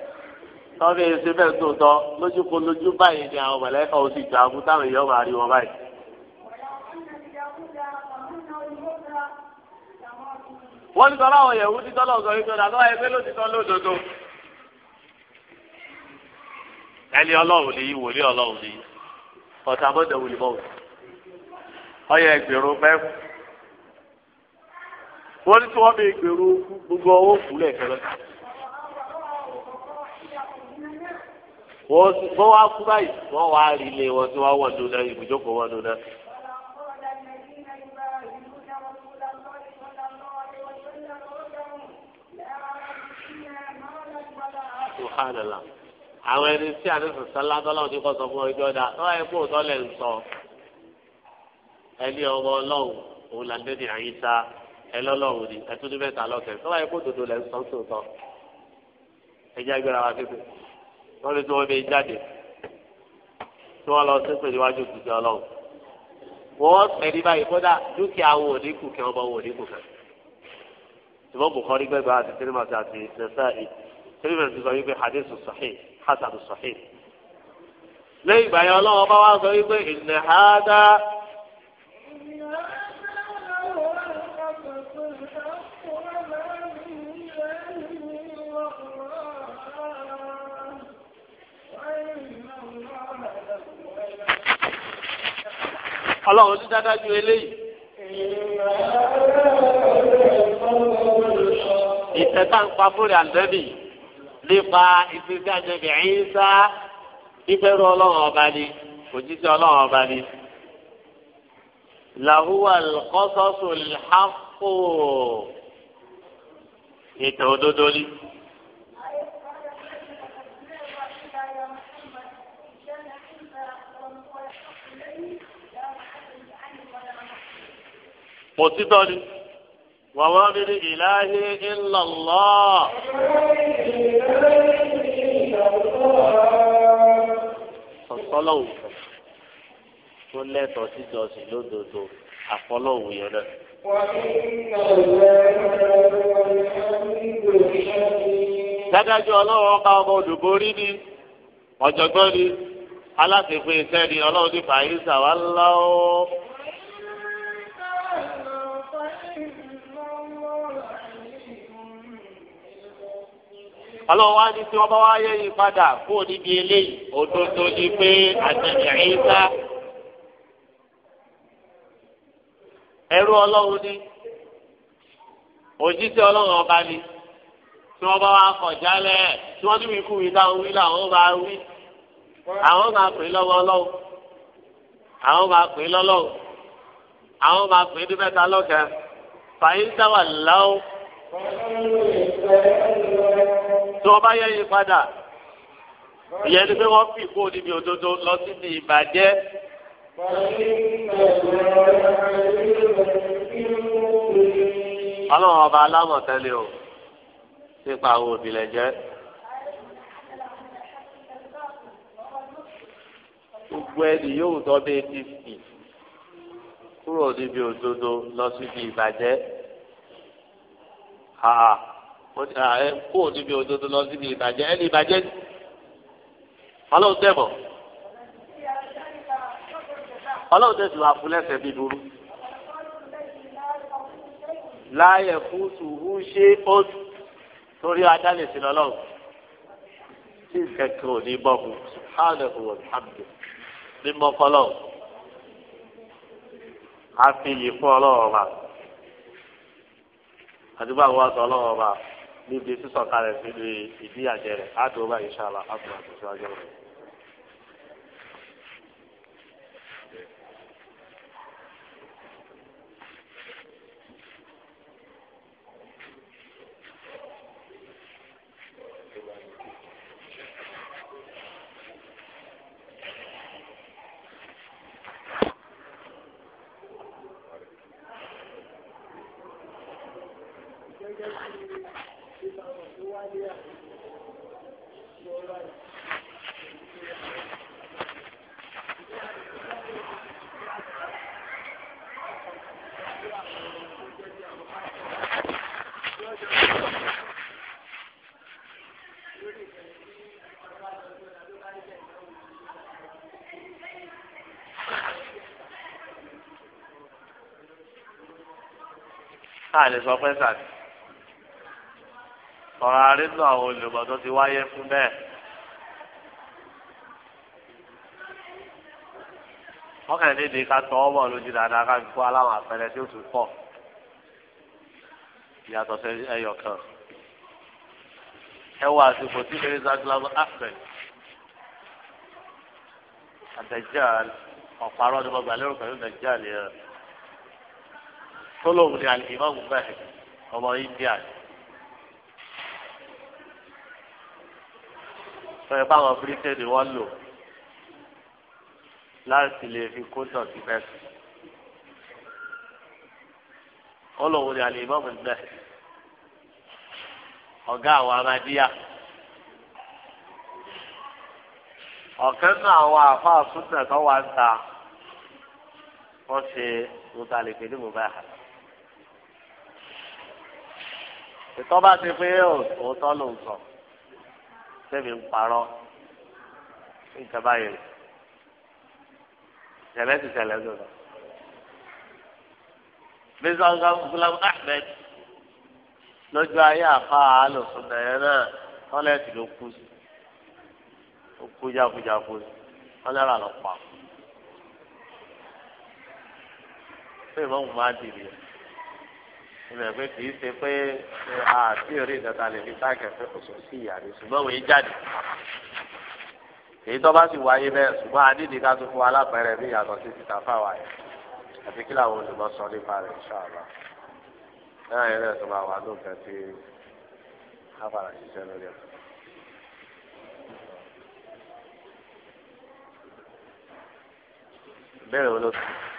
tọ́bí ẹsẹ̀ bẹ́ẹ̀ tó lójúkọ lójú báyìí ni àwọn mọ̀lẹ́kà ó sì gbà fún táwọn èèyàn máa rí wọn báyìí. wọ́n ní sọ́lá àwọn yẹ̀wù títọ́ lọ sọ tó ló ti tọ́ lódodo. ẹni ọlọ́run ni wòlíì ọlọ́run ni ọ̀tá mọ́tò wòlíì wọ́n wá kú báyìí wọ́n wá rí ilé wọn tí wọ́n wọ̀ dúná ibùjókòó wọn dúná. subhanallah àwọn ẹni tí àdéhùn sálá dọ́là òní kọ́ sọ fún ọjọ́ dá lọ́wọ́ ẹ̀ kó tọ́lẹ̀ ń sọ ẹni ọmọ ọlọ́run òun là ń dé ní àyíká ẹ ni ẹ lọ́kẹ́ lọ́wọ́ ẹ̀ kó dodo ń sọ sóòótọ́ ẹ jẹ́ agbára wa tètè wọ́n lè tó wọ́n bẹ jáde tí wọ́n lọ sí pé níwájú ìdíje ọlọ́run wọ́n pẹ̀lú báyìí kódà dúkìá wo òdìkù kẹ́ ọmọ wo òdìkù kẹ́ ìmọ̀ bùkọ́rí gbẹgbẹ́ àti tẹ́lẹ̀mọ̀tì àti nẹ́sàáì tẹ́lẹ̀mọ̀tì sọ wípé hadith sahih hasan sahih lẹ́yìn ìgbà yẹn ọlọ́run ọba wa sọ wípé ìnìhádá. ọlọ́run ti dáadáa ju eléyìí. ìtẹ̀tà ń pa fúri àǹdẹ́bì nípa ìgbésí àjẹbì ẹ̀yìnsá ìbẹ̀rù ọlọ́run ọba ni òjíṣẹ́ ọlọ́run ọba ni. làhùwà kọ́sọ́sù làákò ètò òdodo ni. kò títọ́ ni wàwá mi ní ìláhí ńlọlọ́. sọ̀tọ́lọ́wù tó lẹ́tọ̀ọ́ síjọsìn lódodo àfọlọ́wù yẹn náà. Dádájọ́ ọlọ́run ọba ọmọ olùborí ni ọ̀jọ̀gbọ́n ni aláṣẹ̀fẹ̀ iṣẹ́ ọlọ́run ní fàáyín sàwálá ọlọ́wọ́ wá ní tí wọ́n bá wá yẹ yìí padà kó o níbi eléyìí òdodo ni pé àtẹ̀yìn ìsá ẹrú ọlọ́run ní òjíṣẹ́ ọlọ́run ọba ni tí wọ́n bá wá kọ̀ jálẹ̀ tí wọ́n níbi ikú yìí táwọn wí làwọn bá wí àwọn máa pè lọ́wọ́ ọlọ́run àwọn máa pè lọ́lọ́run àwọn máa pè ní mẹ́ta lọ́kẹ́ fàyín sáwà láwọn tí wọ́n bá yẹ yí padà ìyẹn ni pé wọ́n fi kó níbi òdodo lọ síbi ìbàjẹ́. ọlọ́run ọba alámọ̀tẹ́lẹ̀ o nípa àwọn òbílẹ̀ jẹ́. gbogbo ẹni yóò tọ́ bẹ́ẹ̀ ti fì kúrò níbi òdodo lọ síbi ìbàjẹ́ kó o níbi òdodo lọ síbi ìbàjẹ́ ẹni ìbàjẹ́ ni ọlọ́run tẹ̀ mọ́ ọlọ́run tẹ̀ sì wá fún lẹ́sẹ̀ bí dúró láyẹ̀ fún sùúrù ṣé ó torí adálẹ̀ sí lọ́lọ́run tí kẹ̀kẹ́ ò ní bọ́ọ̀mù subhanahu wa ta'ala mímọ́ fọlọ́run a fi yìí fún ọlọ́run ọba àdúgbò àwọn ọ̀sán ọlọ́run ọba níbi sísọ̀kalẹ̀ sílùú ìdíyàjẹ rẹ̀ á dùn ó báyìí ṣáàlà á dùn àtúnṣe ajọ́ rẹ̀. a lè sọ pé sàdí ọ̀rọ̀ arínú àwọn olùgbọ̀n tó ti wáyé fún bẹ́ẹ̀. wọ́n ní ìdí ká tọ́ ọ́ bọ̀ lójú dáadáa ká fi kó aláwọ̀ àpẹẹrẹ tí ó tún pọ̀ ìyàtọ̀ sí ẹyọ kan. ẹ wá àsìkò tí eré zaglabu ahmed àtẹ̀jáàlì ọ̀pọ̀ arọ́ ni mo gbà lérò pẹ̀lú nàìjíríà lè tọ́lọ́hùn ní alẹ́ ìmáàmù bẹ́ẹ̀ ọmọ india ni. sọ̀rọ̀ báwọn bíríkẹ́ẹ̀dì wọ́n lò láti lè fi kó dọ̀tí mẹ́sì. tọ́lọ́hùn ní alẹ́ ìmáàmù bẹ́ẹ̀ ọ̀gá àwọn amadíyà. ọ̀kan náà àwọn àfa àsúntà tó wà ń ta wọ́n ṣe mo ta lè pè ní mo bá yà. ìtọ́ bá ti pé òótọ́ ló ń sọ sẹ́mi ń parọ́ ìjọba yẹn ìṣẹ̀lẹ̀ ti ṣẹlẹ̀ lọ́dọ̀. mísà gúlámù ahmed lójú ayé àfa àlòsùn bẹ̀rẹ̀ náà tọ́lẹ̀tì ló kú sí ó kú jákujáku sí tọ́lẹ̀rà ló pa. pé ìmọ̀ òun máa dìrì ìbẹ̀rẹ̀ pé kì í ṣe pé àti orí ìdọ́ta lè fi táàkì fẹ́ kòsò sí ìyàrá ṣùgbọ́n òye jáde èyí tó bá sì wáyé bẹ́ẹ̀ ṣùgbọ́n àdídì ká tó fún alápẹ̀rẹ̀ bí ìyàtọ̀ sí ti tàfà wà yẹn àti kí làwọn olùmọ̀ sọ nípa rẹ̀ ṣáàlà náà yẹn lẹ́sọ̀ máa wà ló tí a ṣiṣẹ́ lórí ẹ̀. ìbéèrè wo ló sùn.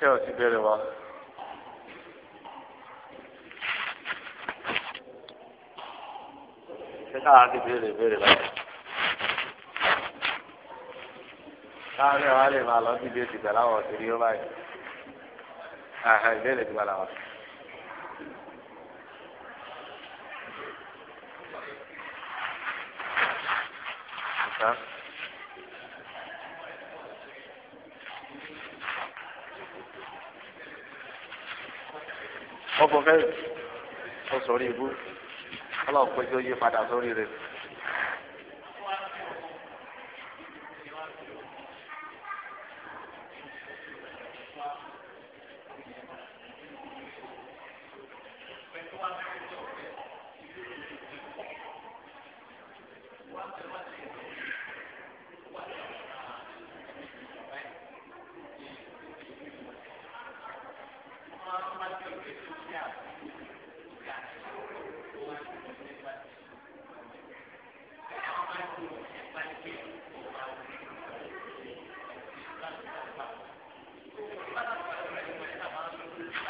ṣé o ti ṣé káwa ti béèrè béèrè báyìí. káwọn ẹ̀wá lè máa lọ síbi èsì pẹ̀lú àwọn òṣèré yóò báyìí. ìbéèrè ti padà wá. Huh? fẹ́ ó sọ̀rọ̀ ìbú ọlọ́run péjọ yí padà sórí rẹ̀.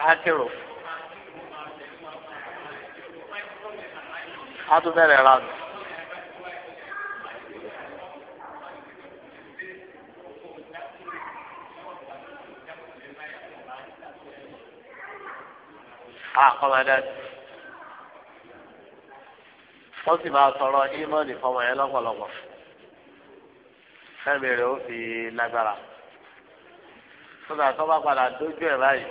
akérò adúbẹ̀rẹ̀ ra nù. àkọmọdé ó sì máa sọ̀rọ̀ ímọ́ọ̀nì fọmọ yẹn lọ́pọ̀lọpọ̀ fẹ́mi rẹ̀ ó fi lágbára tó dà tó bá padà dójú a báyìí.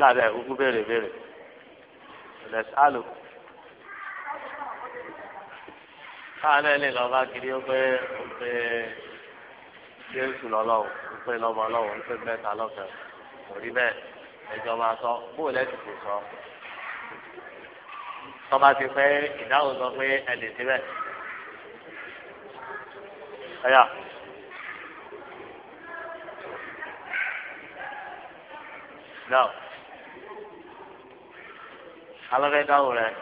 gbàgbé ìkúkú béèrè béèrè lẹsẹ àlò káwọn náà lè lọ bá kiri ó pé ó pé jésù lọlọ́wọ́ ó pé lọ́mọ lọ́wọ́ ó pé mẹ́ta lọ́fẹ̀ẹ́ kò rí bẹ́ẹ̀ ẹjọ́ máa sọ bóòlù ẹ̀ ti kò sọ tọ́ba ti pẹ́ ìdáhùn sọ pé ẹ̀ lè ti bẹ́ẹ̀ alọ́fẹ́ dáwò rẹ̀.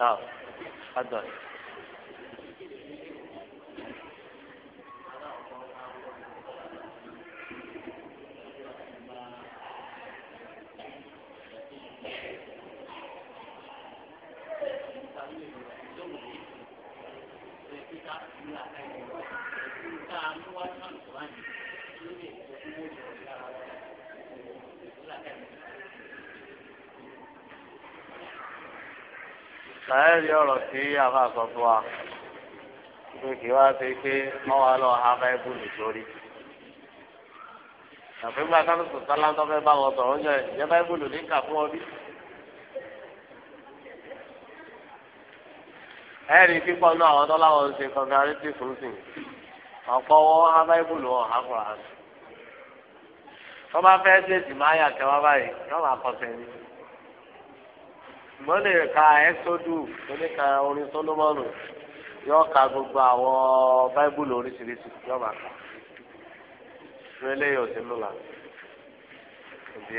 Thank you. láyé rí ọ̀rọ̀ tí àbá sọ fún wa pé kí wá ṣe pé wọ́n wá lọ ha báíbùlù sórí. àfihàn akálù sọ̀tà látọ́ fẹ́ bá wọn sọ̀rọ̀ yẹn ìyẹn báíbùlù ní kà fún ọdí. ẹ̀rí pípọ̀ náà àwọn tó láwọn ń ṣe kọ̀ǹgárétì fún ọ̀pọ̀ wọn ha báíbùlù wọn ha kùrà. tọ́ bá fẹ́ ṣe ìdìmọ̀ àyà kẹwàá báyìí mo lè ka ẹ́sọ́dù mo lè ka orin sọlọ́mọ́nù yóò ka gbogbo àwọn báíbùlù oríṣiríṣi yóò máa kà ìwé lẹ́yìn òsínú là ìdí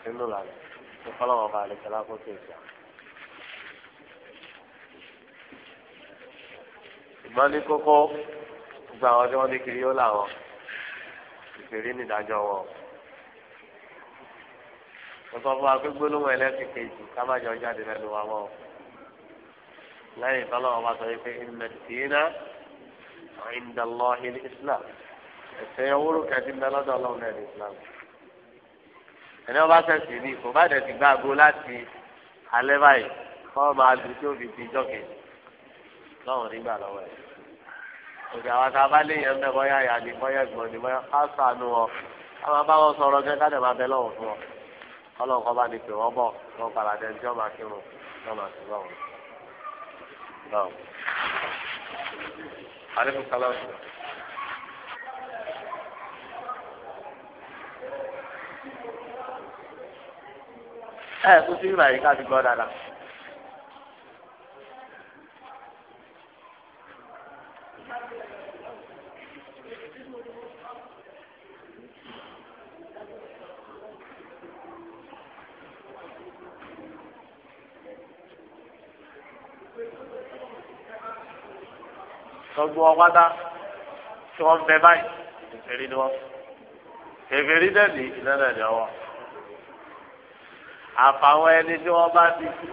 òsínú là ní kọ́lọ́mọ̀ bá lè kẹ́lá fún kéèké à. kókó gbogbo àwọn tí wọ́n ní kiri yóò làwọn ìpèrí nídàájọ́ wọn mo sọ fún wa pé gbólóhùn ẹlẹ́sìn kejì ká má jọ jáde lẹ́nu wa mọ́ lẹ́yìn tọ́lọ́ wọn bá sọ yìí pé inna ad-dīna 'inda Allāhi al-Islām ẹ̀sẹ̀ ewúro kẹ́tì ń bẹ lọ́dọ̀ ọlọ́run náà islam ẹni wọn bá sẹ̀sìn ní kò bá dẹ̀ ti gbá agbó láti alẹ́ báyìí kọ́ máa lu tí ó fi di jọ́kè lọ́run nígbà lọ́wọ́ ẹ̀ òkè àwọn tá a bá léèyàn mẹ́ bọ́yá ìyá ni bọ́yá ẹ̀gbọ́n ni bọ́yá ká sànù ọ ọlọ́run kọ́ bá ní pè wọ́n bọ̀ wọ́n padà dé ẹni tí wọ́n máa kírun wọ́n máa sùn lọ́wọ́. báwo alẹ́kùn kálọ̀ ọ̀sùn. ẹ kú sí ìgbà yìí ká gbọ́ dáadáa. gbogbo wọn pátá tí wọ́n bẹ báyìí kèfèrí ni wọ́n kèfèrí náà ní iná náà ní ọwọ́ àfàwọn ẹni tí wọ́n bá ti kú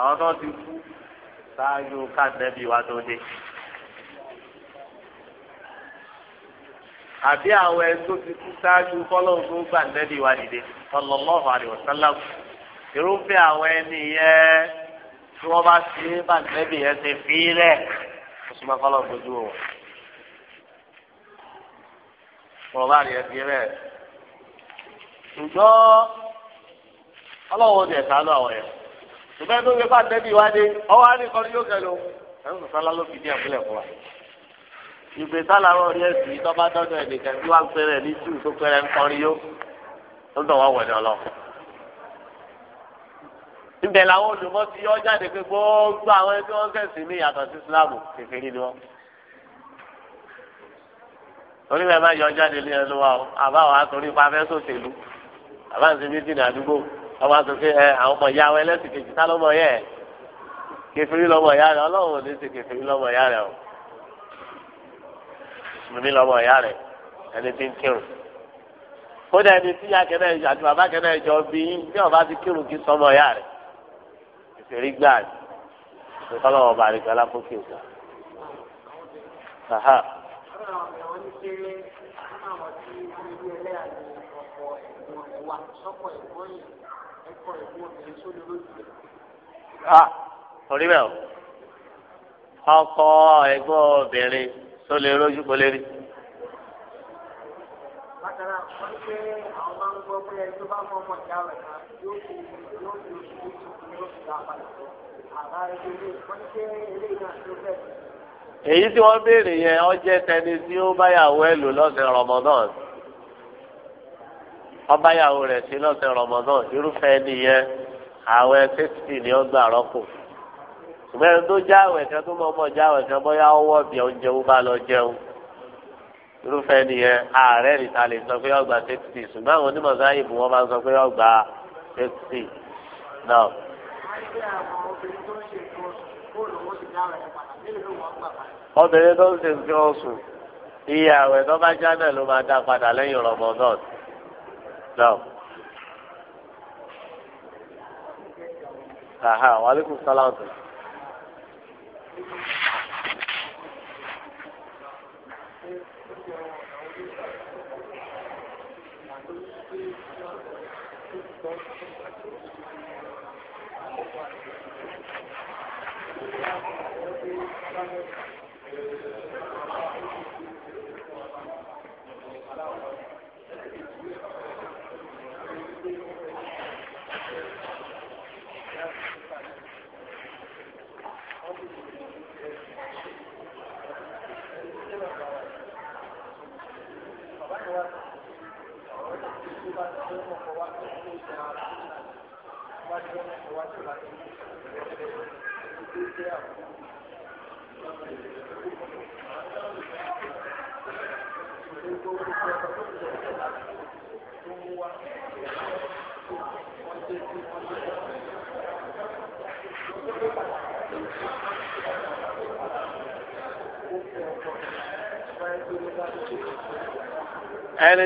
àwọn tó ti kú ṣáájú káńtẹ́bí wa tó dé. àbí àwọn ẹni tó ti kú ṣáájú kọ́lọ́hún tó gbà nẹ́bí wa dìde sallallahu alaihi wasallam irúfẹ́ àwọn ẹni yẹn tí wọ́n bá ṣe é bá nẹ́bí yẹn ṣe fi í lẹ̀ kó sì máa kọ́ lọ́ọ́ gbójú o. wọ́n bá rí ẹbí rẹ̀ ṣùgbọ́n ọlọ́wọ́ ti ẹ̀ka lọ àwọn yẹn ṣùgbọ́n ẹni tó gbé bá nẹ́bí wá dé ọwọ́ á ní kọ́ ní yóò kẹ́ lọ ẹ̀rù sọ́lá ló fi ní ẹ̀kúlẹ̀ fún wa ìgbè sálàrọ̀ rí ẹ̀sìn tó bá dọ́dọ̀ ẹ̀nìkan tí wọ́n pẹ̀rẹ̀ ní tù tó pẹ̀rẹ̀ ń kọrin yó tó dọ̀ wá ní ọlọ́run ibẹ̀ làwọn olùmọ̀ ti yọ jáde pé gbogbo àwọn ẹni tí wọ́n kẹ̀sìn ní yàtọ̀ sí Islam kékeré ni wọ́n. torí bẹ́ẹ̀ bá yọ jáde lé ẹnu wa o àbá wa torí ipa fẹ́ sòṣèlú àbá ń sinmi dìnnà àdúgbò ọmọ àtúnṣe ẹ àwọn ọmọ ìyá wọn ẹlẹ́sìn kejì tá lọ́mọ yẹ ẹ kẹfìrí lọ́mọ ìyá rẹ Ọlọ́run ò ní ṣe kẹfìrí lọ́mọ ìyá rẹ o mùsùlùmí lọ́mọ ìyá rẹ ẹni tí ń kírun kódà ẹni tí yá kẹ́nẹ́ àti bàbá kẹ́nẹ́ jọ bí bí ọba ti kírun kí sọmọ ìyá ṣèrí gbà ní ìkọlọ̀ ọba àríkà lápòkè òkú. orí bẹ́ẹ̀ o ọkọ ẹ̀gbọ́n obìnrin tó lè rójú kó lè rí bákan náà wọ́n ṣe àwọn máa ń gbọ́ pé ẹni tó bá mọ ọmọ ìyá rẹ̀ kan yóò fi yóò fi oṣù tó èyí tí wọ́n béèrè yẹn ó jẹ́ tẹni tí ó báyàwó ẹ̀ lò lọ́sẹ̀ Ramadan ó báyàwó rẹ̀ sí lọ́sẹ̀ Ramadan irúfẹ́ ẹni yẹn àwẹ̀ sixty ni ó gbà rọ́pò ṣùgbọ́n ẹni tó já àwẹ̀ kan tó mọ̀ọ́mọ̀ já àwẹ̀ kan bóyá ọwọ́ bí oúnjẹ ó bá lọ jẹun irúfẹ́ ẹni yẹn ààrẹ nìta lè sọ pé ó sixty ṣùgbọ́n àwọn onímọ̀ sáyẹ̀bù wọn máa sọ pé ó sixty náà obìnrin tó ń ṣe nǹkan oṣù iye àwẹ̀ tó bá já náà ló máa dá padà lẹ́yìn rọmọdán náà. Aha, wa alaikum ẹni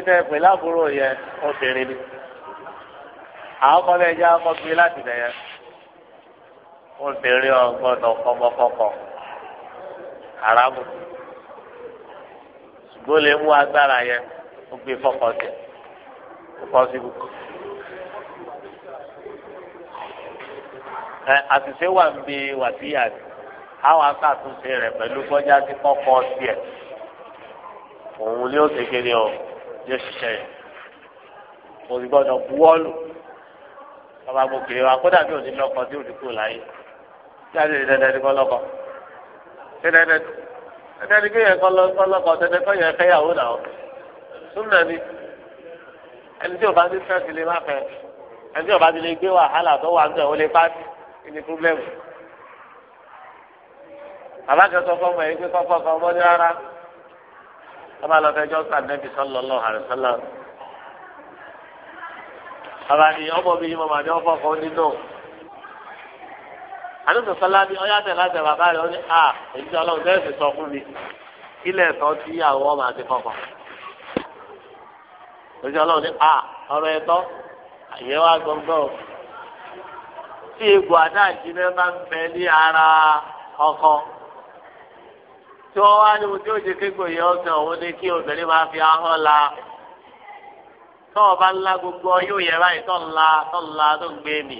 tẹ pẹ̀lú àbúrò yẹn obìnrin ni. àwọn kọ́lé ẹja ọkọ̀gbé láti bẹ̀yẹ. obìnrin ọgbọ́dọ̀ kọ́mọkọ́kọ́ haramu ṣùgbọ́n lè mú agbára yẹn ó gbé fọ́kọ̀ tẹ̀ ó kọ́ síbu. ẹ àṣìṣe wà ń bi wàsíyà ni àwọn aṣàtúnṣe rẹ pẹ̀lú bọ́jà sí kọ́kọ́ tiẹ̀ òun ni ó ṣe kéde ọ yóò ṣiṣẹ́ yẹn kò sì gbọ́dọ̀ buwọ́lù ọba gòkè wa kódà bí òní lọkọ tí òní láyé tí a lè rí dandan ní kọ́ dandan dandan ní kéèyàn kọ́ lọ́kọ dandan kọ́ yẹn fẹ́ yàwó náà súnmọ́ ni ẹni tí o bá ti fẹ́ ti má fẹ́ ẹni tí o bá ti lè gbé wàhálà tó wà ní ọ̀wọ́lé pàtì ní pírọ́blẹ́mù bàbá kan fọmọ yìí pé kọ́kọ́ kan ọmọdé rárá ọba lọ́fẹ́jọ́ sàdẹ́bí sọ́lọ́lọ́ àrùsọ́lọ́ bàbá ọmọ mi yìí mo máa ní ọfọ kan nínú àdúgbò sọlá ni ọyá tẹ bàbá rẹ ó ní à èyí tí Ọlọ́run tẹsí sọ fún mi ilé ẹ̀tọ́ tí àwọn ọmọ àti kọkọ èyí tí Ọlọ́run ní à ọ̀rọ̀ ẹ̀tọ́ ìyẹn wá gbọngbọn tí egbò àdáàjì náà bá ń bẹ ní ara ọkọ tí wọn wá ní mo tí ó jẹ kégbò yẹn ọsàn òun ni kí obìnrin máa fi ahọ́n la tọ́wọ́ bá ńlá gbogbo yóò yẹ báyìí tọ́ ńlá tọ́ ńlá tó ń gbé mi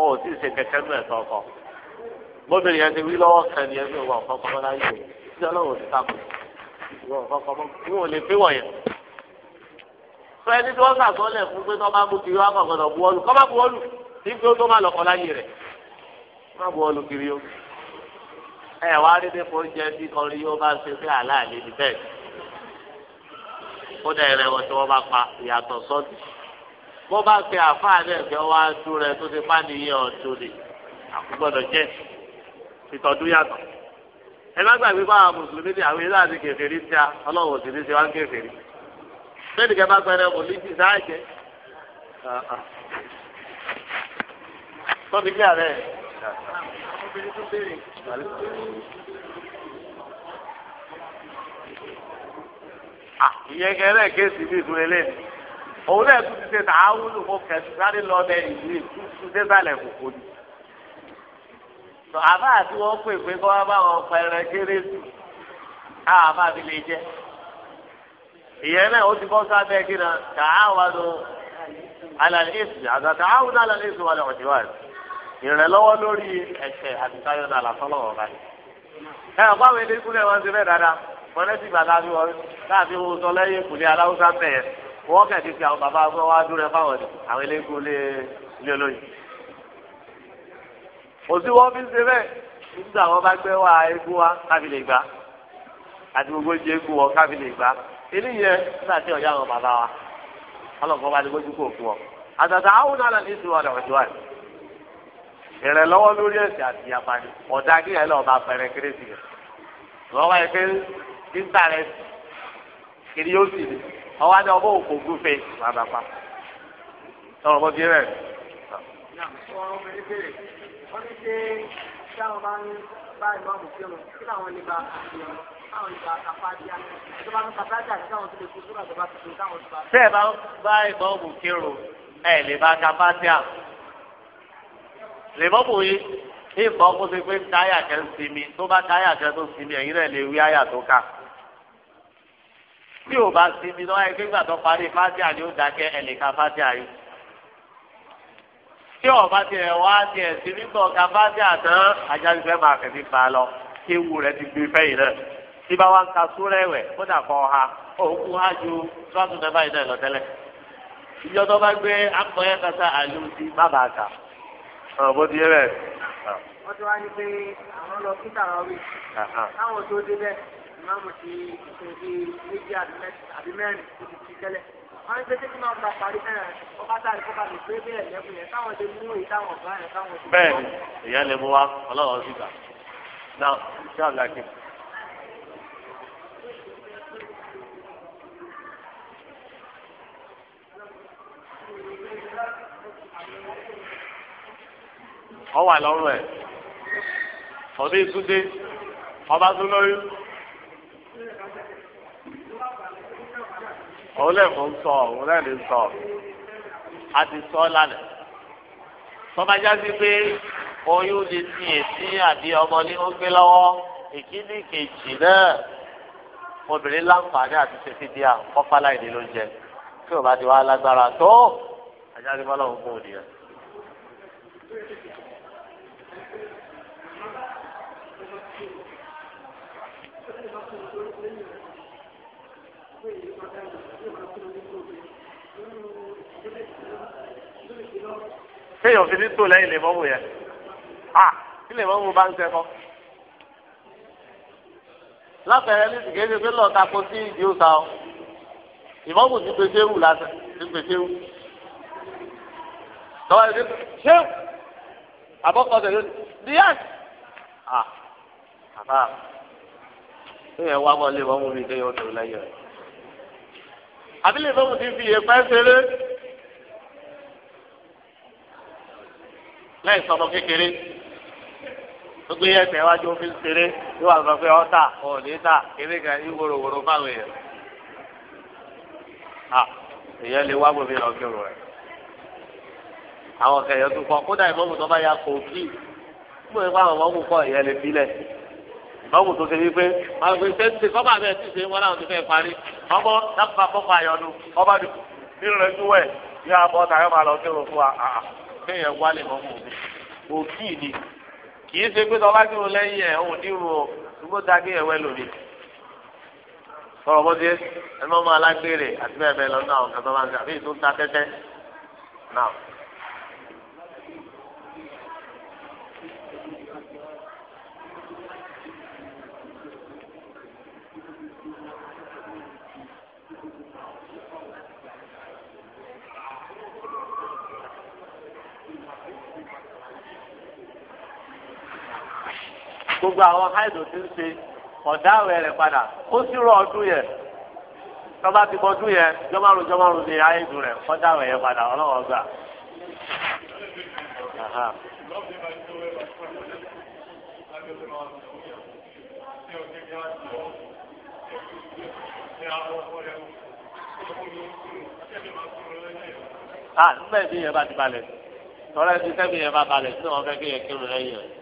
ó ò sì ṣe kẹ̀kẹ́ nù ẹ̀tọ́ ọkọ. bóbìnrin yẹn ti wí lọ́wọ́ kan ní ẹgbẹ́ ìwà ọ̀fọ́ kọ́kọ́ láyé rẹ̀ tí ọlọ́run ti ta kù ìwà ọ̀fọ́ kọ́kọ́ ní wọn lè fi wọ̀nyẹn. sọ ẹni tí wọ́n sàgbọ́lẹ̀ fún pé tọ́ bá mú kiri wá kọ̀ọ̀kan buwọ́lù kọ́ bá buwọ́lù tí kí ó tó má lọ́kọ kódà ẹrẹ wọn tí wọn bá pa ìyàtọ̀ sọ́ọ̀tì bó bá pe àfáà náà jẹ́ wá dú rẹ tó ti pàdé yẹ ọ̀dọ́ lè àkúgbọ́dọ̀ jẹ́ ìtọ́dún yàtọ̀ ẹ má gbàgbé bá àwọn mùsùlùmí ní àwọn ilé àti kèfèrí tí a ọlọ́wọ́ sì ní ṣe wá ń kèfèrí bẹ́ẹ̀ ni. bá gbẹrẹ mọ̀ níbi sáàjẹ́ tọ́ni bí ààrẹ. ìyẹn kẹrẹ kéésì bíi ìdúró eléyìí òun náà tún ti ṣe tààwùlù ulu kẹsì sáré lọ ọdẹ ìlú tún dé sálẹ̀ kòkó ni. àbá àti wọn pè pé kó wá bá wọn pẹrẹ kérésì káwọn àbá mi lè jẹ ìyẹn náà ó ti kí ló àgbà wà lórí àti mọ́lẹ́sì bàtà fi wọ́n láàbí wo sọ lẹ́yìn kùlé aláwùsá mẹ́ yẹn wọ́n kẹ̀sí fi àwọn bàbá fún wa dúró ẹ fáwọn ni àwọn eléko lé lé lóyún. òsì wọn fi ń ṣe bẹ́ẹ̀ nígbà wọn bá gbé wa eégún wa káfí lè gbà àti gbogbo jẹ eégún wọn káfí lè gbà eléyẹ nígbà tí ọ̀yá àwọn bàbá wa ọlọ́kọ̀ bá ti gbójú kò fún ọ. àtàtà àwọn nàlà ní ìsìn ọ̀dọ̀ ọ̀dọ̀ àti ìrẹ̀lọ́wọ́ lórí ẹ̀sìn àti ìyapa ni ọ̀dà kí ẹ̀ lọ́ọ́ bá fẹ́rẹ̀ kérésì rẹ̀ lọ́wọ́ ẹ̀kẹ́ sísá rẹ kiri yóò sì ní ọwọ́ adé ọbọ̀ òkò gúfe máa pa sọ̀rọ̀ bọ́ bíi rẹ̀. wọ́n bá bá ìmọ̀ kírun ẹ lè bá kapatia lè bọ́ bòye ìbọn kó pé táyà kẹ́ ń sinmi tó bá táyà kẹ́ tó sinmi ẹ̀yin náà lè wí àyà tó ká tí ò bá sinmi lọ́wọ́ ẹgbẹ́ ìgbà tó parí fásíà ni ó dákẹ́ ẹnìkan fásíà yìí tí ọba tiẹ̀ wá tiẹ̀ sí nígbà ọ̀gá fásíà tán ajáde fẹ́ máa fẹ̀mí pa lọ kí ewu rẹ ti gbé fẹ́yìn náà tí bá wá ń ka súnrẹ́ ẹ̀wẹ̀ kódà kọ́ ha òkú ha ju sọ́ọ̀tù nẹ́fà yìí náà lọ tẹ́lẹ̀ ìjọ tó bá gbé akọ̀yẹ́ kata àlù ti má bàa kà ọ̀ bó ti yẹ bẹ́ẹ̀. wọ́n ìmáàmù ti ìṣòwò méjì àbí mẹ́rin tó ti ti tẹ́lẹ̀. wọ́n ní pété tí máa ń gba parí náà ọba táàrí kọ́ba lè gbé bẹ́ẹ̀ lẹ́kùn yẹn táwọn lè mú èyí táwọn ọ̀gá yẹn táwọn. bẹ́ẹ̀ni ìyá lè mú wa ọlọ́run sì gbà náà ṣé àgbà kí. ọwọ́ àlọ́run ẹ̀ ọdún ìtúndé ọba tó lóyún òun lè mú sọ òun lè lè sọ a ti sọ lánàá tọ́bajá sí pé oyún lè ti èsì àbí ọmọ ní ó gbé lọ́wọ́ ìkíní kejì náà obìnrin láǹfààní àti ṣèfìdíà kọ́fàlà ìdí ló jẹ tí ò bá ti wá lágbára tó ajá sí bọ́lá òun kò nìyẹn. téèyàn fi ní tò lẹ́yìn lè mọ́mù yẹn à kí lè mọ́mù bá ń sẹ́kọ́. lápẹ̀rẹ̀ ní sìkè ṣe pé lọ́ọ̀ta kó sí ìdí òsà ọ ìmọ̀mù ti pèsè wù lásán ti pèsè wù. tọ́wọ́ ẹ̀ ṣé àbọ̀kọ̀sẹ̀ yóò di yẹ́sì. à àbá téèyàn wá mọ́ lè mọ́mù mi téèyàn tò lẹ́yìn rẹ̀. àbí lè mọ́mù ti fi ìyẹ̀pẹ́ ṣeré. láì sọmọ kékeré gbogbo yẹn tẹ wájú fi ń ṣeré yóò wá sọ pé ọta òní ta kéré kan yí wòròwòrò fáwọn èèyàn à èèyàn lè wá gbòmí lọ kírun rẹ àwọn kẹyọ tó kọ kódà ìmọ̀mù tó bá ya kò kí mo ní fáwọn ọmọkùn kọ èèyàn lè bílẹ̀ ìmọ̀mù tó ṣe wípé máa fi ṣe ń ṣe kọ́ bàbá ẹ̀ tí ṣe wọn láwọn ti fẹ́ parí ọmọ dábàá fọ́fọ́ àyọ̀nu ọba nínú rẹ̀ tún wẹ̀ yóò abọ́ tàyọ̀ kéèyàn wálé mọ́mú òkì ni kì í ṣe pé tọ́lá kí wọn lẹ́yìn ẹ̀ òun ní ru ṣùgbọ́n ta kí ẹ̀wẹ́ lòdì. sọ̀rọ̀ bó ṣe ẹ mọ́ mọ́ alágbèrè àti bẹ́ẹ̀ bẹ́ẹ̀ lọ́nà àwọn kan tó bá ń ṣe àbí ìtúntà tẹ́tẹ́ náà. gbogbo àwọn háìdò ti ń ṣe ọ̀dáwẹ̀ rẹ̀ padà ó sì rọ ọdún yẹn tọ́ba ti bọ́ ọdún yẹn jọ́márùn jọ́márùn ni háìdò rẹ̀ ọ̀dáwẹ̀ yẹn padà ọlọ́wọ́ gbà. a ah, nígbà tí yẹn bá ti balẹ̀ tọ́lá ti sẹ́mi yẹn bá balẹ̀ tí wọ́n fẹ́ kí yẹn kírun lẹ́yìn rẹ̀.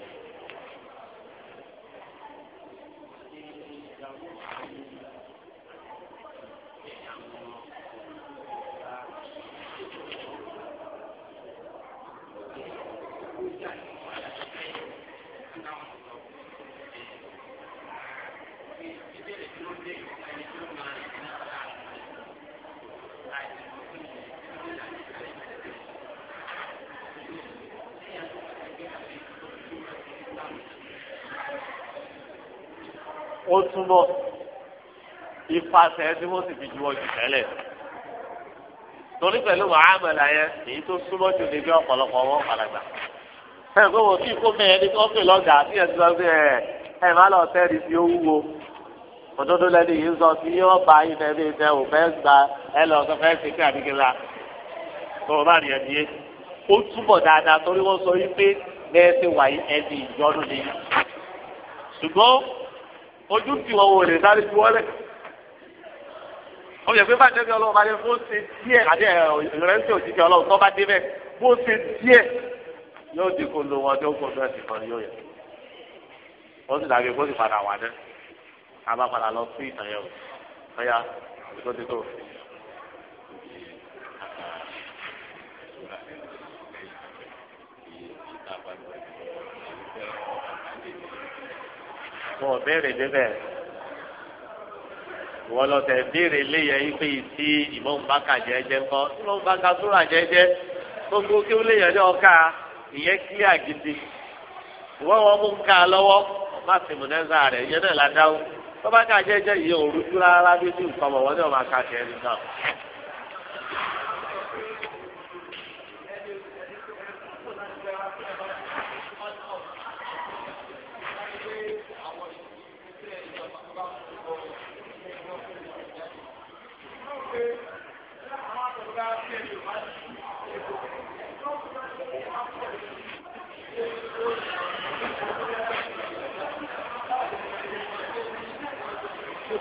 pàṣẹ tí wọ́n sì fi ju ọjọ́ tẹ́lẹ̀ torí pẹ̀lú wàhámẹ́lá yẹn èyí tó súnmọ́ jù ní ọ̀pọ̀lọpọ̀ wọn padàgbà ẹ̀ pé wò kí kó mẹ́rin ní kọ́pì lọ́gà sí ẹ̀ ti lọ sí ẹ̀ ẹ̀ má lọ sẹ́ẹ̀rì sí owó wo òdodo lẹ́nu yìí ń sọ sí yóò bá yín bí ẹ ò fẹ́ gba ẹ lọ sọ fẹ́ ṣe kí àbíkẹ́lá tó bá rí ẹ̀ bíyé ó túbọ̀ dáadáa torí wọ́n sọ yín pé bẹ́ẹ̀ ṣe wà yín ẹ̀ ti ìjọ́nu ni ṣùgbọ́n ojú tiwọn wò lè sáré fi wọ́lẹ̀ ọmọ yẹn pé bá dẹ́bi ọlọ́run bá dé bó ṣe díẹ̀ àti ìrẹsì òjijì ọlọ́run tó bá débẹ̀ bó ṣe díẹ̀ yóò di kó lo wọn tó kó bẹ́ẹ̀ sì kan yóò yẹ wọ́n sì dàbí kó sì wà dẹ́ a bá padà lọ sí ìtàn yẹn o ọ̀ya tó ti tó. Bọ̀ bẹ́ẹ̀ rẹ̀ débẹ̀ wọ́n lọ tẹ̀ béèrè léyẹ ife ìsí ìmọ̀nbáka jẹ́jẹ́ kọ́ ìmọ̀nbáka súrà jẹ́jẹ́ gbogbo kí ó léyẹ ní ọ̀ka ìyẹn kílíà gidi ìwọ́n wọn mú ká lọ́wọ́ má sì mú nẹ́sà rẹ̀ ìyẹn náà la dáwọ́ tọ́ba ká jẹ́jẹ́ ìyẹn òrùjú rárá bí tí nǹkan mọ̀ wọ́n ní ọ̀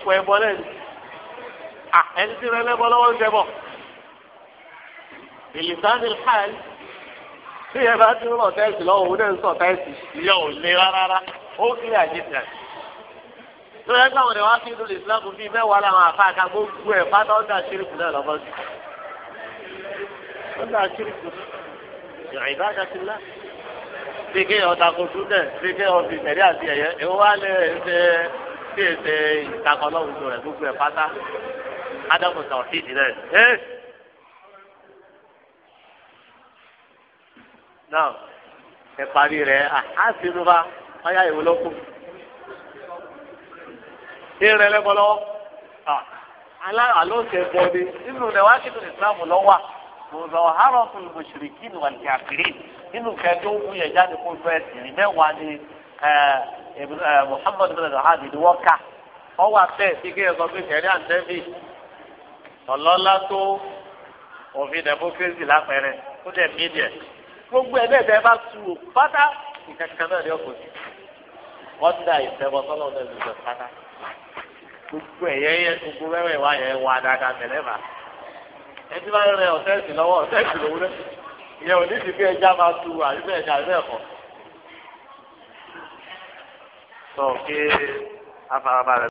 pọ̀ ẹbọ lẹ́nu ẹni tí rẹ lẹ́bọ lọ́wọ́ ń jẹbọ ìlìsánil hàn tí ẹ bá ti rọ̀ tẹ́sì lọ́wọ́ òun náà ń sọ tẹ́sì ìyá ò lé rárá ó kí àjẹsẹ̀ lórí ẹgbẹ́ àwọn ẹ̀wá fi dùn ìsìlá kò fi mẹ́wàá làwọn àfáàkà gbogbo ẹ̀ pátá ó dà ṣírìkù náà lọ́wọ́ sí ó dà ṣírìkù ìrìnàjà ti lá bí kéèyàn ọ̀tàkùn tún dẹ̀ bí kéèyàn ọ̀fìn tẹ̀lé àti ẹ̀yẹ tí èsè ìtakọ̀ lọ́wọ́ tó rẹ̀ gbogbo ẹ̀ pátá ádámù tàwọ̀síìdì náà ẹ́. náà ẹ parí rẹ̀ àhásínú bá ọyá ìwé lọ́kù. ìrìn lẹ́kọ̀ọ́ lọ́wọ́ alóòsè bọ́ ni nínú rẹ̀ wá kí ní Islam lọ́wọ́ mọ̀tò haro fún mùsùlùmí wà ní àkìrí nínú kẹ́kẹ́ ó fún yẹn jáde kó fẹ́ tìrì mẹ́wàá ni Eh, muhammadu bin alhadi ni wọ́n kà wọ́n wà bẹ́ẹ̀ sí kí ẹ̀kọ́ pé sẹ̀rí àǹtẹ́bì ọlọ́lá tó òfin democracy lápẹẹrẹ ó dẹ̀ mídíẹ̀ gbogbo ẹ̀ bẹ́ẹ̀ bẹ́ẹ̀ bá tu o pátá ìkankan náà ni ọkọ̀ sí wọ́n dá ìfẹ́wọ́ sọ́lọ́ náà lù lọ pátá gbogbo ẹ̀yẹ yẹ gbogbo wẹ́wẹ́ wá yẹ wà dáadáa tẹ̀lé bá ẹtí bá rẹ ọ̀sẹ̀ sí lọ́wọ́ ọ̀sẹ̀ sí lọ́wọ́ rẹ ìyẹn ò ní ti fi ẹja máa tu àyùbẹ̀ ẹja àyùbẹ̀ ẹ̀kọ́ sọ pé afarabalẹ̀